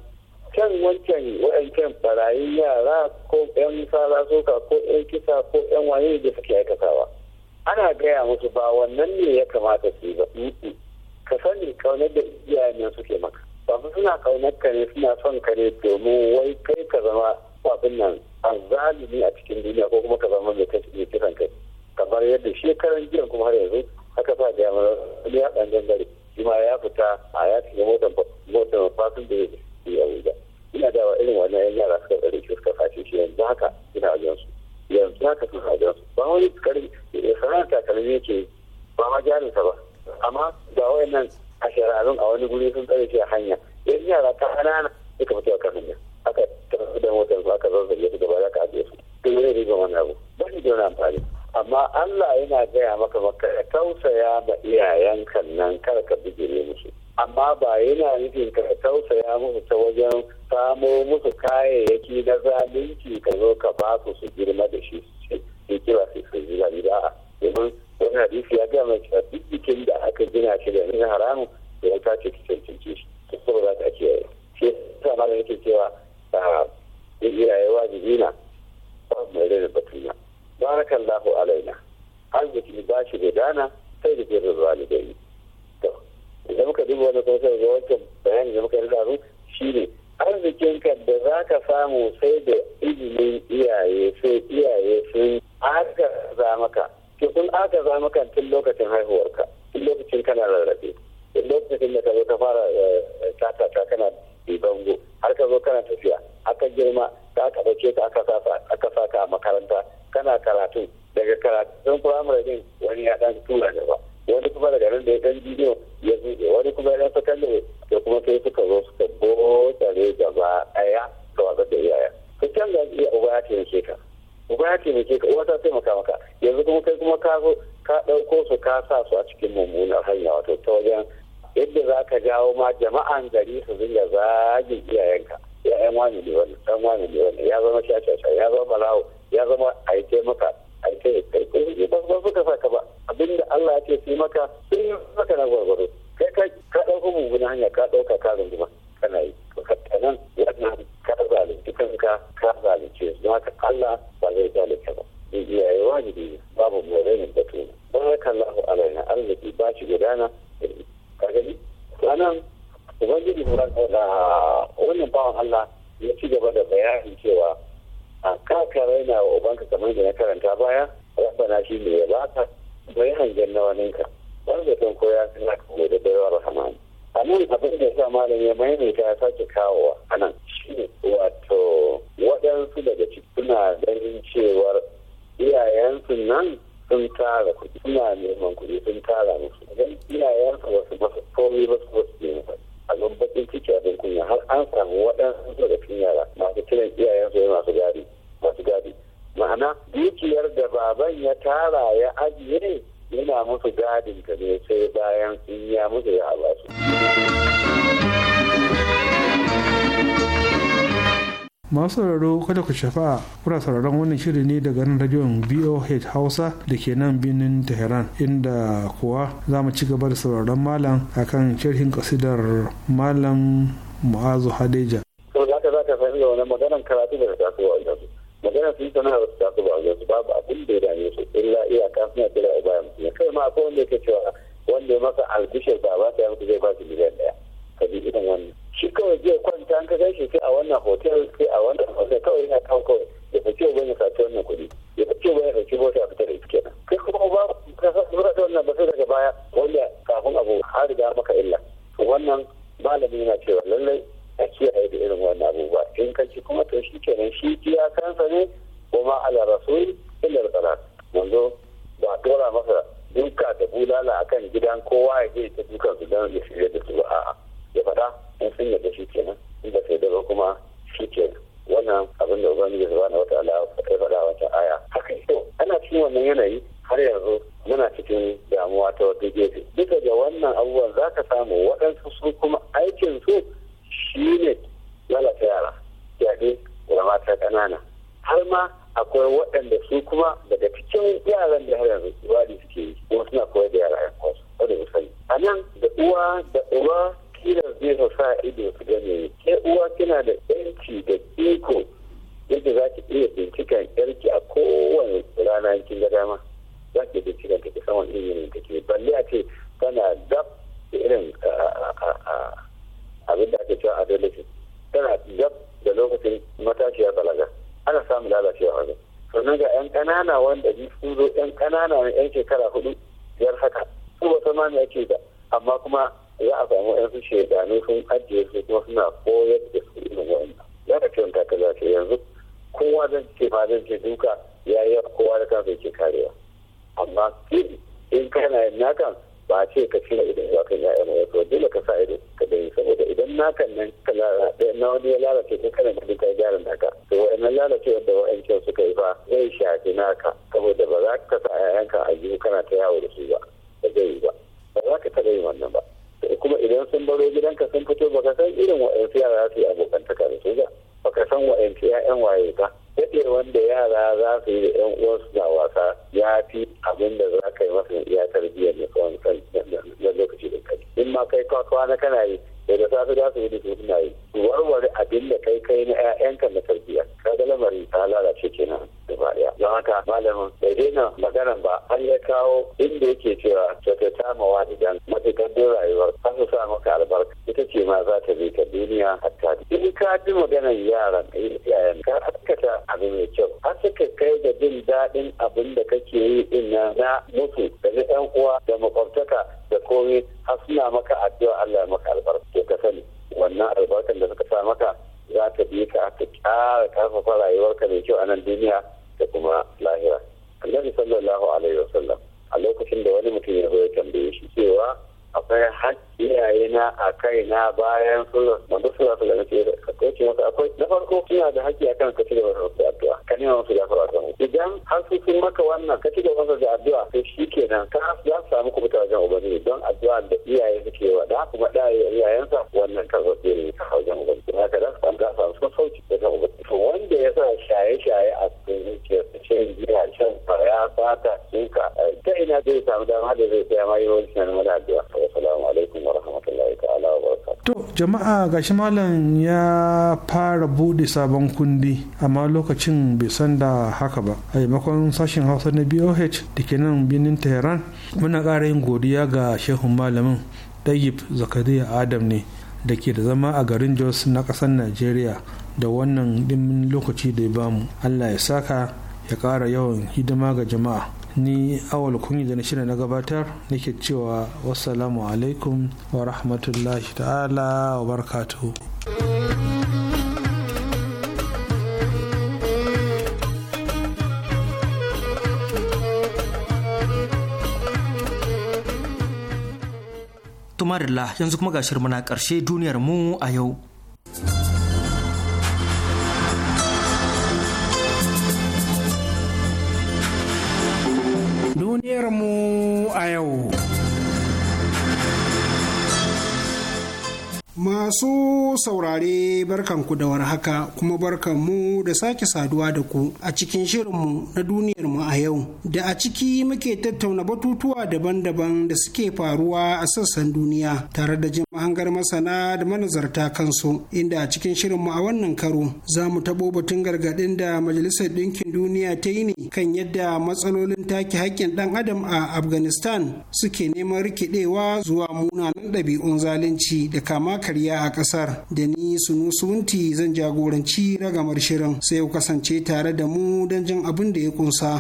can wancan wa'ancan barayin yara ko yan sara suka ko yan kisa ko yan wani da suke aikatawa ana gaya musu ba wannan ne ya kamata su yi ba ka sani kaunar da iyayen suke maka ba suna kaunar ka ne suna son ka ne domin wai kai ka zama abin nan azzalimi a cikin duniya ko kuma ka zama mai kiran kai kamar yadda shekaran jiya kuma har yanzu aka sa da yamma ne ya ɗan gangare shi ma ya fita a ya cikin motar motar fasin da ya wuce ina da irin wannan yan yara suka tsare shi suka fashe shi yanzu haka ina wajen su yanzu haka sun hajen su ba wani ya sanar ne yake ba ma jarinsa ba amma ga wayannan a shirarun a wani guri sun tsare shi a hanya yan yara ta ne suka fito a kan hanya aka tafi da motar su aka zazzage su gaba da ka ajiye su to yana riba wani abu ba shi da wani amfani amma Allah yana gaya maka maka ya tausaya ma iyayenka nan kar ka bijire musu amma ba yana nufin ka tausaya musu ta wajen samo musu kayayyaki na zalunci ka zo ka ba su su girma da shi su kira su su ji da ba domin wani hadisi ya gaya mai cewa duk jikin da aka gina shi da yanzu haramun da ya tace ki cancanci shi ta saboda ta kiyaye shi ya sa ma da yake cewa iyaye wajibi na ba mai rere batuna barakan lafi alaina arziki ba shi dana sai da jirin yi to idan muka duba wani kuma da ga wancan bayanin da muka rida shi ne arzikinka da za ka samu sai da izinin iyaye sai iyaye sun za maka ke sun za maka tun lokacin haihuwarka tun lokacin kana rarrafe tun lokacin da ka zo ka fara eh, eh, ta kana ke bango har ka zo kana tafiya aka girma ta aka ɗauke ta aka sa ka a makaranta kana karatu daga karatun firamare din wani ya ɗan tura ba wani kuma daga nan da ya ɗan bidiyo ya buɗe wani kuma ya saka ne da kuma sai suka zo suka bota ne gaba ɗaya ga wasan da iyaye ka canza da iya uba ya taimake ka uba ya taimake ka uwa ta taimaka maka yanzu kuma kai kuma ka zo ka ɗauko su ka sa su a cikin mummunar hanya wato ta wajen yadda za ka jawo ma jama'an gari su dinga zagin iyayenka iyayen wani ne wani dan wani ne wani ya zama shashasha ya zama balawo ya zama a yi taimaka a yi taimaka kai ba ba suka saka ba abinda Allah ya ce su maka sun yi maka na gwargwaro kai ka ka ɗauko mugun hanya ka ɗauka ka runguma kana yi kanan wannan ka zalunci kanka ka zalunce su haka Allah ba zai zalunce ba in iyaye wajibi babu morenin batu barakallahu alaina arziki ba shi gudana kagani sanan ubangiji da wannan bawan allah ya ci gaba da bayanin cewa a kaka raina wa ubanka kamar da na karanta baya rabana shi ne ya baka bai hangen na ka. wanda zaton ko ya san haka da da bayar rahman a nan abin da sa malam ya maimaita ya sake kawowa a nan shi wato waɗansu daga cikin suna ganin cewar iyayensu nan sun tara kuɗi suna neman kuɗi sun tara musu idan iyayensa wasu ba su komai ba su wasu ne ba a bakin ciki abin kunya har an samu waɗansu daga cikin yara masu kiran iyayensu su masu gadi masu gadi ma'ana dukiyar da baban ya tara ya ajiye yana musu gadin ta ne sai bayan sun ya musu ya ba su. masu sauraro kada ku shafa kuna sauraron wannan shiri ne daga nan rajon boh hausa da ke nan birnin tehran inda kuwa za mu ci gaba da sauraron malam akan sharhin kasidar malam mu'azu hadeja to za ka za wani karatu da ta a yanzu maganar sun tana da su so a yanzu babu abin da ya dame su illa iyaka suna kira a bayan mutum kai ma akwai wanda yake cewa wanda ya maka albishir ba ba ta yanzu zai ba shi miliyan daya ka ji irin wannan shi kawai zai kwanta an ka shi sai a wannan hotel sai a wannan hotel kawai yana kawo kawai ya fi ciwo bane sace wannan kuɗi ya fi ciwo bane sace bota fita da ita kenan kai kuma ba ka sa dora da wannan ba sai daga baya wanda kafin abu har riga maka illa wannan malami yana cewa lallai a kiyaye da irin wannan abubuwa in ka ci kuma to shi kenan shi ya kansa ne kuma ala rasul illa al wanzo ba dora masa duka da bulala akan gidan kowa ya je ta dukan su dan ya shirya da su a'a ya fada in sun yadda shi kenan in ba sai daga kuma shi kenan wannan abin da ubangiji wata wataala ya faɗa wata aya haka so ana cikin wannan yanayi har yanzu muna cikin damuwa ta wata gefe duka da wannan abubuwan za ka samu waɗansu su kuma aikin su shi ne lalata yara yaɗe da mata ƙanana har ma akwai waɗanda su kuma daga cikin yaran da har yanzu wani suke yi kuma suna koyar da yara yan kwasu wanda musali. a nan da uwa da uba kila zai su sa ido su gane ke uwa kina da yanci da iko yadda za ki iya binciken yarki a kowane rana kin ga dama za ki bincikan ta saman ilimin ta ke balle a ce tana dab da irin abin da ake cewa a adolescent tana dab da lokacin matashiya balaga ana samun lalacewa wani sannan ga 'yan ƙanana wanda sun zo 'yan ƙanana na 'yan shekara hudu biyar haka su wata ma ne ake da amma kuma za a samu yan su shaidanu sun ajiye su kuma suna koyar da su irin wa'annan ya da kyau ta kaza ce yanzu kowa zan ce ba zan ce duka ya yi kowa da kansa yake karewa amma in kana yin nakan ba a ce ka cire ido ya kan ya'ya mai to dole ka sa ido ka dai saboda idan nakan nan ka lalace na wani ya lalace ko kana da duka gyaran naka to wa'annan lalacewar da wa'ancan suka yi ba zai shafi naka saboda ba za ka sa 'ya'yanka a jihu kana ta yawo da su ba ba zai yi ba ba za ka taɓa yin wannan ba kuma idan sun baro gidanka sun fito baka san irin wa'yansu yara su yi abokantaka da su ba baka san wa'yansu ya'yan waye ba daɗe wanda yara za su yi da yan uwansu na wasa ya fi abin da za ka yi masa iya tarbiyyar ne kawai kan lokaci da kai in ma kai na kana yi da safe za su yi da su suna yi warware abin da kai kai na 'ya'yanka na tarbiyya kaga lamarin ta lalace kenan gaba daya don haka malamin bai daina maganan ba an ya kawo inda yake cewa kyautata ma idan matuƙar don rayuwar ta su sa maka albarka ita ce ma za ta bi ta duniya hatta in ka ji maganar yaran eh, yayan ka aikata abu mai kyau har suka kai da jin daɗin abin da kake yi din na mutu da na 'yan uwa da makwabtaka da komai har suna maka addu'a Allah ya maka albarka ke ka sani wannan albarkar da suka sa maka za ta bi ka aka ƙara karfafa rayuwarka mai kyau a nan duniya da kuma lahira annabi sallallahu alaihi wasallam a lokacin da wani mutum ya zo ya tambaye shi cewa akwai haƙƙi iyayena a kaina bayan sulhus manzo sulhus da na farko kina da haƙƙi akan ka da addu'a ka nema idan har su maka wannan ka da addu'a sai shi kenan ka za su samu kubuta wajen don addu'a da iyaye suke wa da kuma da iyayensa wannan ne wajen za su samu su to wanda ya sa shaye-shaye a cikin zuciyarsa shan shan fata ta ina zai samu dama da zai tsaya ma yi wani Assalamu To jama'a gashi malam ya fara bude sabon kundi amma lokacin bai san da haka ba. A maimakon sashen Hausa na BOH da ke nan birnin Tehran muna ƙara yin godiya ga shehun malamin Dayib Zakariya Adam ne da ke da zama a garin Jos na ƙasar Najeriya da wannan dimin lokaci da ya bamu. Allah ya saka ya ƙara yawan hidima ga jama'a. ni awal kunyi da na na gabatar nake cewa wassalamu alaikum wa rahmatullahi ta'ala wa barakatuhu tumarilla yanzu kuma ga shirma ƙarshe duniyar mu a yau mu a yau. Masu saurare barkanku da warhaka kuma barkanmu da sake saduwa da ku a cikin shirinmu na duniyarmu a yau da a ciki muke tattauna batutuwa daban-daban da suke faruwa a sassan duniya tare da jin mahangar masana da manazarta kansu inda a cikin shirinmu a wannan karo za mu taɓo batun gargadin da majalisar ɗinkin duniya ta yi ne kan yadda matsalolin take haƙƙin ɗan adam a afghanistan suke neman rikidewa zuwa munanan ɗabi'un zalunci da kama karya a kasar da ni sunu sunti zan jagoranci ragamar shirin sai ku kasance tare da mu don jin abin da ya kunsa.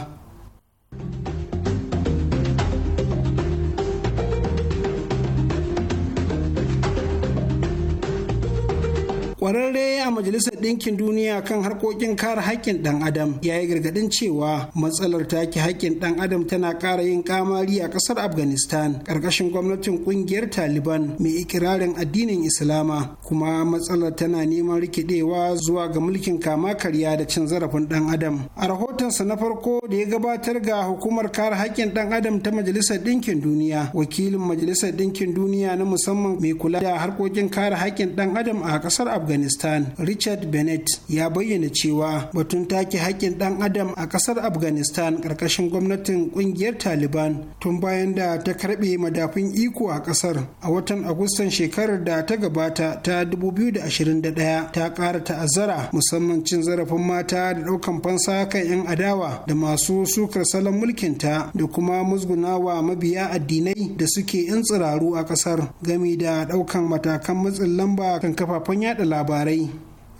kwararre a majalisar ɗinkin duniya kan harkokin kare haƙƙin ɗan adam ya yi gargaɗin cewa matsalar take haƙƙin ɗan adam tana ƙara yin kamari a ƙasar afghanistan ƙarƙashin gwamnatin ƙungiyar taliban mai ikirarin addinin islama kuma matsalar tana neman rikidewa zuwa ga mulkin kama karya da cin zarafin ɗan adam a rahotonsa na farko da ya gabatar ga hukumar kare haƙƙin ɗan adam ta majalisar ɗinkin duniya wakilin majalisar ɗinkin duniya na musamman mai kula da harkokin kare haƙƙin ɗan adam a ƙasar afghanistan richard bennett ya bayyana cewa batun take haƙƙin ɗan adam a ƙasar afghanistan ƙarƙashin gwamnatin ƙungiyar taliban tun bayan da ta karɓe madafun iko a ƙasar a watan agustan shekarar da ta gabata ta 2021 ta ƙara ta'azzara musamman cin zarafin mata da ɗaukan fansa kan 'yan adawa da masu sukar salon mulkinta da kuma musgunawa mabiya addinai da suke 'yan tsiraru a ƙasar gami da ɗaukan matakan matsin lamba kan kafafen yada labarai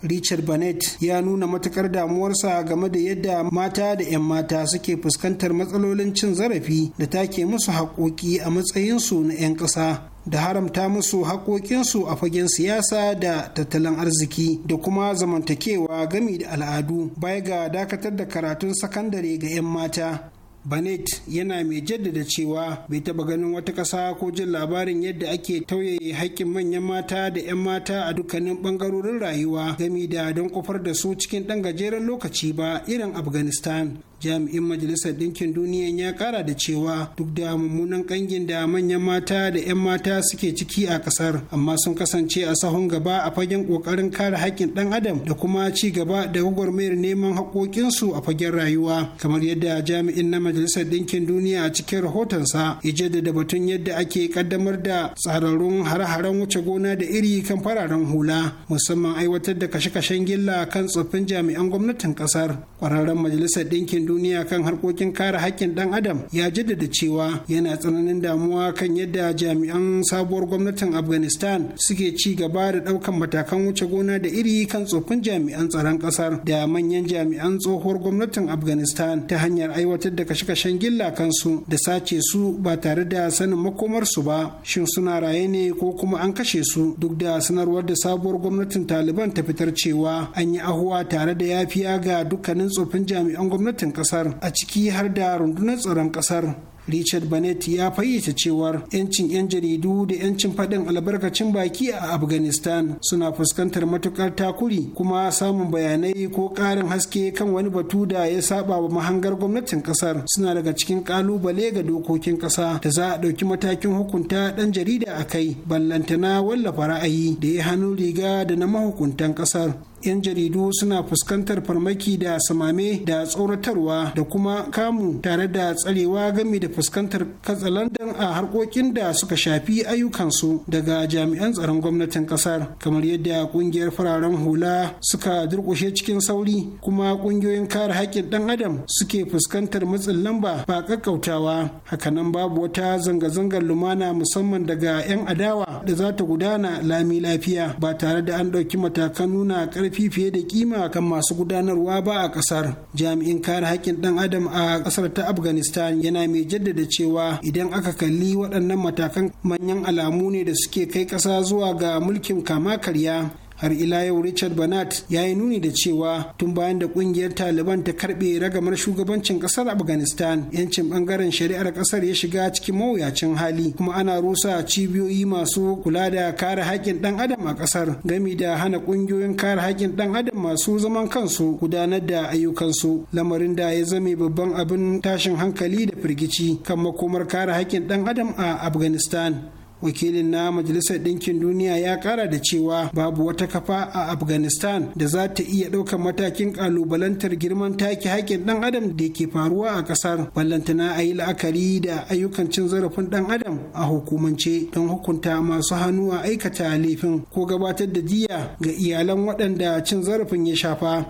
Richard Barnett ya nuna matukar damuwarsa game da yadda mata da 'yan mata suke fuskantar matsalolin cin zarafi da take musu haƙoƙi a matsayinsu na 'yan ƙasa. da haramta musu haƙoƙinsu a fagen siyasa da tattalin arziki da kuma zamantakewa gami da al'adu baya ga dakatar da karatun sakandare ga 'yan mata Banet yana mai jaddada cewa bai taba ganin wata ƙasa ko jin labarin yadda ake tauye haƙƙin manyan mata da 'yan mata a dukkanin ɓangarorin rayuwa gami da don kofar da su cikin ɗan gajeren lokaci ba irin Afghanistan. jami'in majalisar Dinkin duniya ya ƙara da cewa duk da mummunan ƙangin da manyan mata da 'yan mata suke ciki a ƙasar amma sun kasance a sahun gaba a fagen ƙoƙarin kare haƙƙin ɗan adam da kuma ci gaba da gwagwarmayar neman haƙoƙinsu a fagen rayuwa kamar yadda jami'in na majalisar Dinkin duniya a cikin rahotonsa ya jaddada batun yadda ake kaddamar da tsararrun hare-haren wuce gona da iri kan fararen hula musamman aiwatar da kashe-kashen gilla kan tsoffin jami'an gwamnatin ƙasar ƙwararren majalisar ɗinkin duniya kan harkokin kare haƙƙin ɗan adam ya jaddada cewa yana tsananin damuwa kan yadda jami'an sabuwar gwamnatin afghanistan suke ci gaba da ɗaukan matakan wuce gona da iri kan tsofin jami'an tsaron ƙasar da manyan jami'an tsohuwar gwamnatin afghanistan ta hanyar aiwatar da kashe-kashen gilla kansu da sace su ba tare da sanin makomarsu ba shin suna raye ne ko kuma an kashe su duk da sanarwar da sabuwar gwamnatin taliban ta fitar cewa an yi ahuwa tare da yafiya ga dukkanin tsofin jami'an gwamnatin kasar a ciki har da rundunar tsaron kasar Richard Bennett ya fayyace cewar 'yancin 'yan jaridu da 'yancin faɗin albarkacin baki a Afghanistan suna fuskantar matukar takuri kuma samun bayanai ko ƙarin haske kan wani batu da ya saba wa mahangar gwamnatin ƙasar suna daga cikin ƙalubale ga dokokin ƙasa da za a ɗauki matakin hukunta ɗan jarida a kai ballantana wallafa ra'ayi da ya hannu riga da na mahukuntan ƙasar. 'yan jaridu suna fuskantar farmaki da samame da tsoratarwa da kuma kamu tare da tsarewa game da fuskantar katsalandan a harkokin da suka shafi ayyukansu daga jami'an tsaron gwamnatin kasar kamar yadda kungiyar fararen hula suka durkushe cikin sauri kuma kungiyoyin kare haƙƙin ɗan adam suke fuskantar matsin lamba ba kakkautawa hakanan babu wata zanga-zangar lumana musamman daga 'yan adawa da za ta gudana lami lafiya ba tare da an ɗauki matakan nuna ƙarfi ƙarfi fiye da kima kan masu gudanarwa ba a ƙasar jami'in kare haƙƙin ɗan adam a ƙasar ta afghanistan yana mai jaddada cewa idan aka kalli waɗannan matakan manyan alamu ne da suke kai ƙasa zuwa ga mulkin kama karya har ila yau richard banat ya yi nuni da cewa tun bayan da kungiyar taliban ta karbe ragamar shugabancin kasar afghanistan yancin bangaren shari'ar kasar ya shiga cikin mawuyacin hali kuma ana rusa cibiyoyi masu kula da kare haƙƙin dan adam a kasar gami da hana kungiyoyin kare haƙƙin dan adam masu zaman kansu gudanar da ayyukansu lamarin da ya zame babban abin tashin hankali da firgici kan makomar kare haƙƙin dan adam a afghanistan wakilin na majalisar ɗinkin duniya ya ƙara da cewa babu wata kafa a afghanistan da za ta iya ɗaukar matakin ƙalubalantar girman take haƙƙin ɗan adam da ke faruwa a ƙasar na a yi la'akari da ayyukan cin zarafin ɗan adam a hukumance don hukunta masu hannu a aikata laifin ko gabatar da jiya ga iyalan waɗanda cin zarafin ya shafa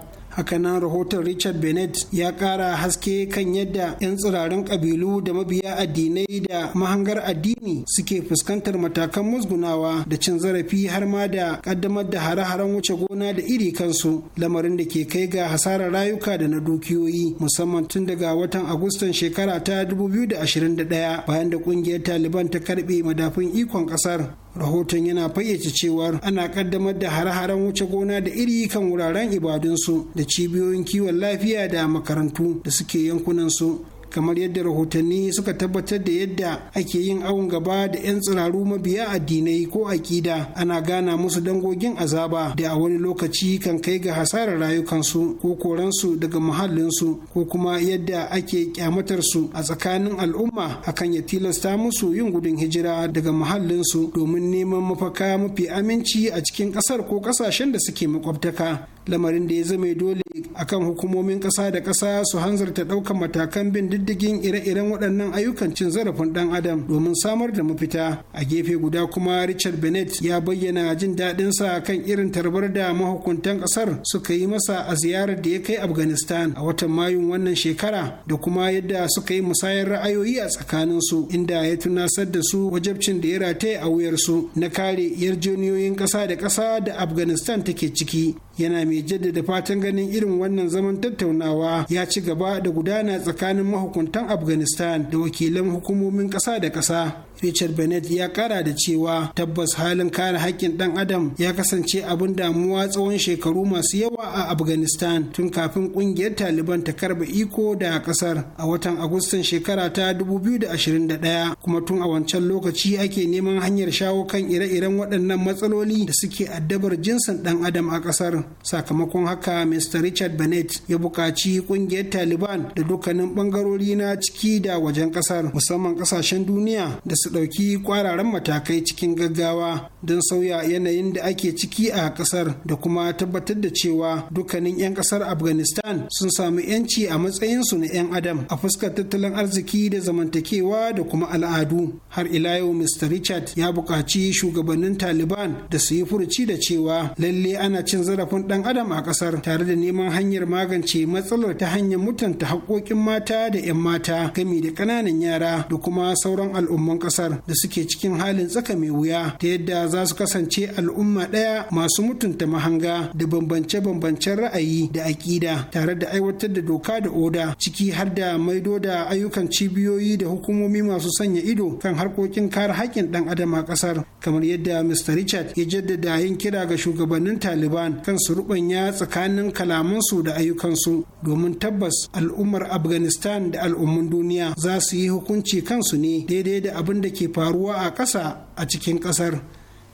nan rahoton richard bennett ya kara haske kan yadda 'yan tsirarin kabilu da mabiya addinai da mahangar addini suke fuskantar matakan musgunawa da cin zarafi har ma da kaddamar da hare-haren wuce gona da iri kansu lamarin da ke kai ga hasarar rayuka da na dukiyoyi musamman tun daga watan agustan shekara ta 2021 bayan da kungiyar taliban ta karbe madafun ikon kasar rahoton yana fayyace cewa ana kaddamar da hare-haren wuce gona da iri kan wuraren ibadunsu da cibiyoyin kiwon lafiya da makarantu da suke yankunansu kamar yadda rahotanni suka tabbatar da yadda ake yin awon gaba da 'yan tsiraru mabiya addinai ko aƙida, ana gana musu dangogin azaba da a wani lokaci kan kai ga hasarar rayukansu ko koransu daga muhallinsu ko kuma yadda ake kyamatarsu a tsakanin al'umma akan ya tilasta musu yin gudun hijira daga muhallinsu domin neman mafaka mafi aminci a cikin ƙasar ko ƙasashen da suke makwabtaka lamarin da ya zama dole akan hukumomin ƙasa da ƙasa su hanzarta ɗaukar matakan bin diddigin ire-iren waɗannan ayyukan cin zarafin ɗan adam domin samar da mafita a gefe guda kuma richard bennett ya bayyana jin daɗinsa kan irin tarbar da mahukuntan ƙasar suka yi masa a ziyarar da ya kai afghanistan a watan mayun wannan shekara da kuma yadda suka yi musayar ra'ayoyi a tsakanin su inda ya tunasar da su wajabcin da ya rataye a wuyarsu na kare yarjejeniyoyin ƙasa da ƙasa da afghanistan take ciki yana mai jaddada fatan ganin irin wannan zaman tattaunawa ya ci gaba da gudana tsakanin mahukuntan mahukuntan afghanistan da wakilan hukumomin ƙasa da ƙasa Richard Bennett ya kara da cewa tabbas halin kare haƙƙin ɗan adam ya kasance abin damuwa tsawon shekaru masu yawa a Afghanistan tun kafin ƙungiyar Taliban ta karba iko da ƙasar a watan Agustan shekara ta 2021 kuma tun a wancan lokaci ake neman hanyar shawo kan ire-iren waɗannan matsaloli da suke addabar jinsin ɗan adam a ƙasar. Sakamakon haka Mr. Richard Bennett ya buƙaci ƙungiyar Taliban da dukkanin ɓangarori na ciki da wajen ƙasar musamman ƙasashen duniya da su su ɗauki kwararan matakai cikin gaggawa don sauya yanayin da ake ciki a ƙasar da kuma tabbatar da cewa dukkanin 'yan ƙasar afghanistan sun samu 'yanci a matsayinsu na 'yan adam a fuskar tattalin arziki da zamantakewa da kuma al'adu har ila yau mr richard ya buƙaci shugabannin taliban da su yi furuci da cewa lalle ana cin zarafin ɗan adam a ƙasar tare da neman hanyar magance matsalar ta hanyar mutunta haƙoƙin mata da 'yan mata gami da ƙananan yara da kuma sauran al'umman ƙasar kasar da suke cikin halin tsaka mai wuya ta yadda za su kasance al'umma ɗaya masu mutunta mahanga da bambance-bambancen ra'ayi da aƙida tare da aiwatar da doka da oda ciki har da maido da ayyukan cibiyoyi da hukumomi masu sanya ido kan harkokin kare haƙƙin ɗan adam a kasar. kamar yadda Mr. Richard ya jaddada yin kira ga shugabannin Taliban kan su rubanya tsakanin kalamansu da ayyukansu domin tabbas al'ummar Afghanistan da al'ummun duniya za su yi hukunci kansu ne daidai da abin da da ke faruwa a ƙasa a cikin ƙasar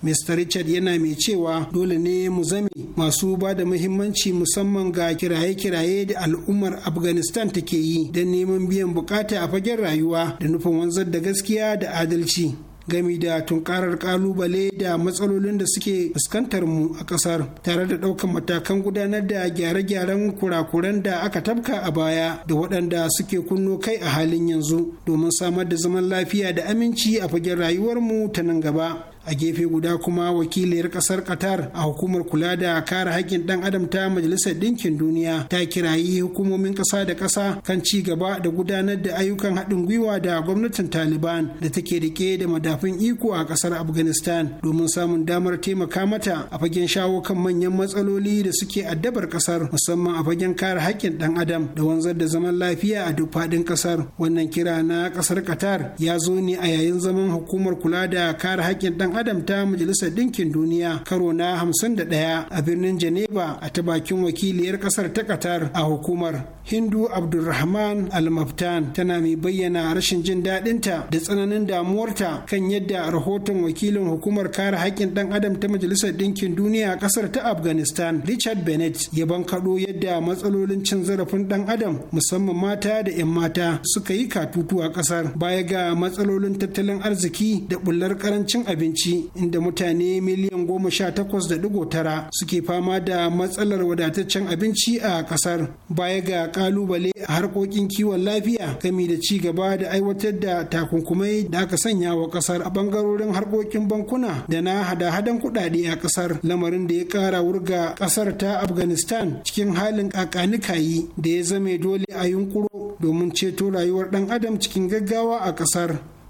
Mr. Richard yana mai cewa dole ne mu zame masu ba da muhimmanci musamman ga kiraye-kiraye da al'ummar Afghanistan take yi don neman biyan bukata a fagen rayuwa da nufin wanzar da gaskiya da adalci. gami da tunkarar kalubale da matsalolin da suke fuskantar mu a kasar tare da ɗaukar matakan gudanar da gyare-gyaren kurakuran da aka tabka a baya da waɗanda suke kunno kai a halin yanzu domin samar da zaman lafiya da aminci a fagen rayuwar mu ta nan gaba a gefe guda kuma wakiliyar kasar qatar a hukumar kula da kare haƙƙin ɗan adam ta majalisar ɗinkin duniya ta kirayi hukumomin ƙasa da ƙasa kan ci gaba da gudanar da ayyukan haɗin gwiwa da gwamnatin taliban da take rike da madafin iko a ƙasar afghanistan domin samun damar taimaka mata a fagen shawo kan manyan matsaloli da suke addabar ƙasar musamman a fagen kare haƙƙin ɗan adam da wanzar da zaman lafiya a duk faɗin ƙasar wannan kira na ƙasar qatar ya zo ne a yayin zaman hukumar kula da kare haƙƙin ɗan adam ta majalisar ɗinkin duniya karo na 51 a birnin Geneva a ta bakin wakiliyar ƙasar ta Qatar a hukumar Hindu Abdulrahman Al-Maftan tana mai bayyana rashin jin daɗinta da tsananin damuwarta kan yadda rahoton wakilin hukumar kare haƙƙin ɗan adam ta majalisar ɗinkin duniya a ƙasar ta Afghanistan Richard Bennett ya bankaɗo yadda matsalolin cin zarafin ɗan adam musamman mata da 'yan mata suka yi katutu a ƙasar baya ga matsalolin tattalin arziki da bullar ƙarancin abinci abinci inda mutane miliyan goma sha takwas da digo tara suke fama da matsalar wadataccen abinci a kasar baya ga kalubale a harkokin kiwon lafiya kami da ci gaba da aiwatar da takunkumai da aka sanya wa kasar a bangarorin harkokin bankuna da na hada-hadan kuɗaɗe a kasar lamarin da ya ƙara wurga kasar ta afghanistan cikin halin kakanikayi da ya zame dole a yunkuro domin ceto rayuwar ɗan adam cikin gaggawa a kasar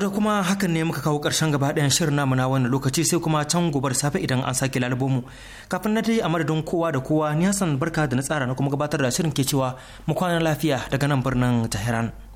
da kuma hakan ne muka kawo karshen gaba ɗayan shirin namu na wani lokaci sai kuma can gobar safe idan an sake lalubo Kafin na dai a madadin kowa da kowa ni Hassan Barka da na tsara na kuma gabatar da shirin ke cewa mu kwana lafiya daga nan birnin Tehran.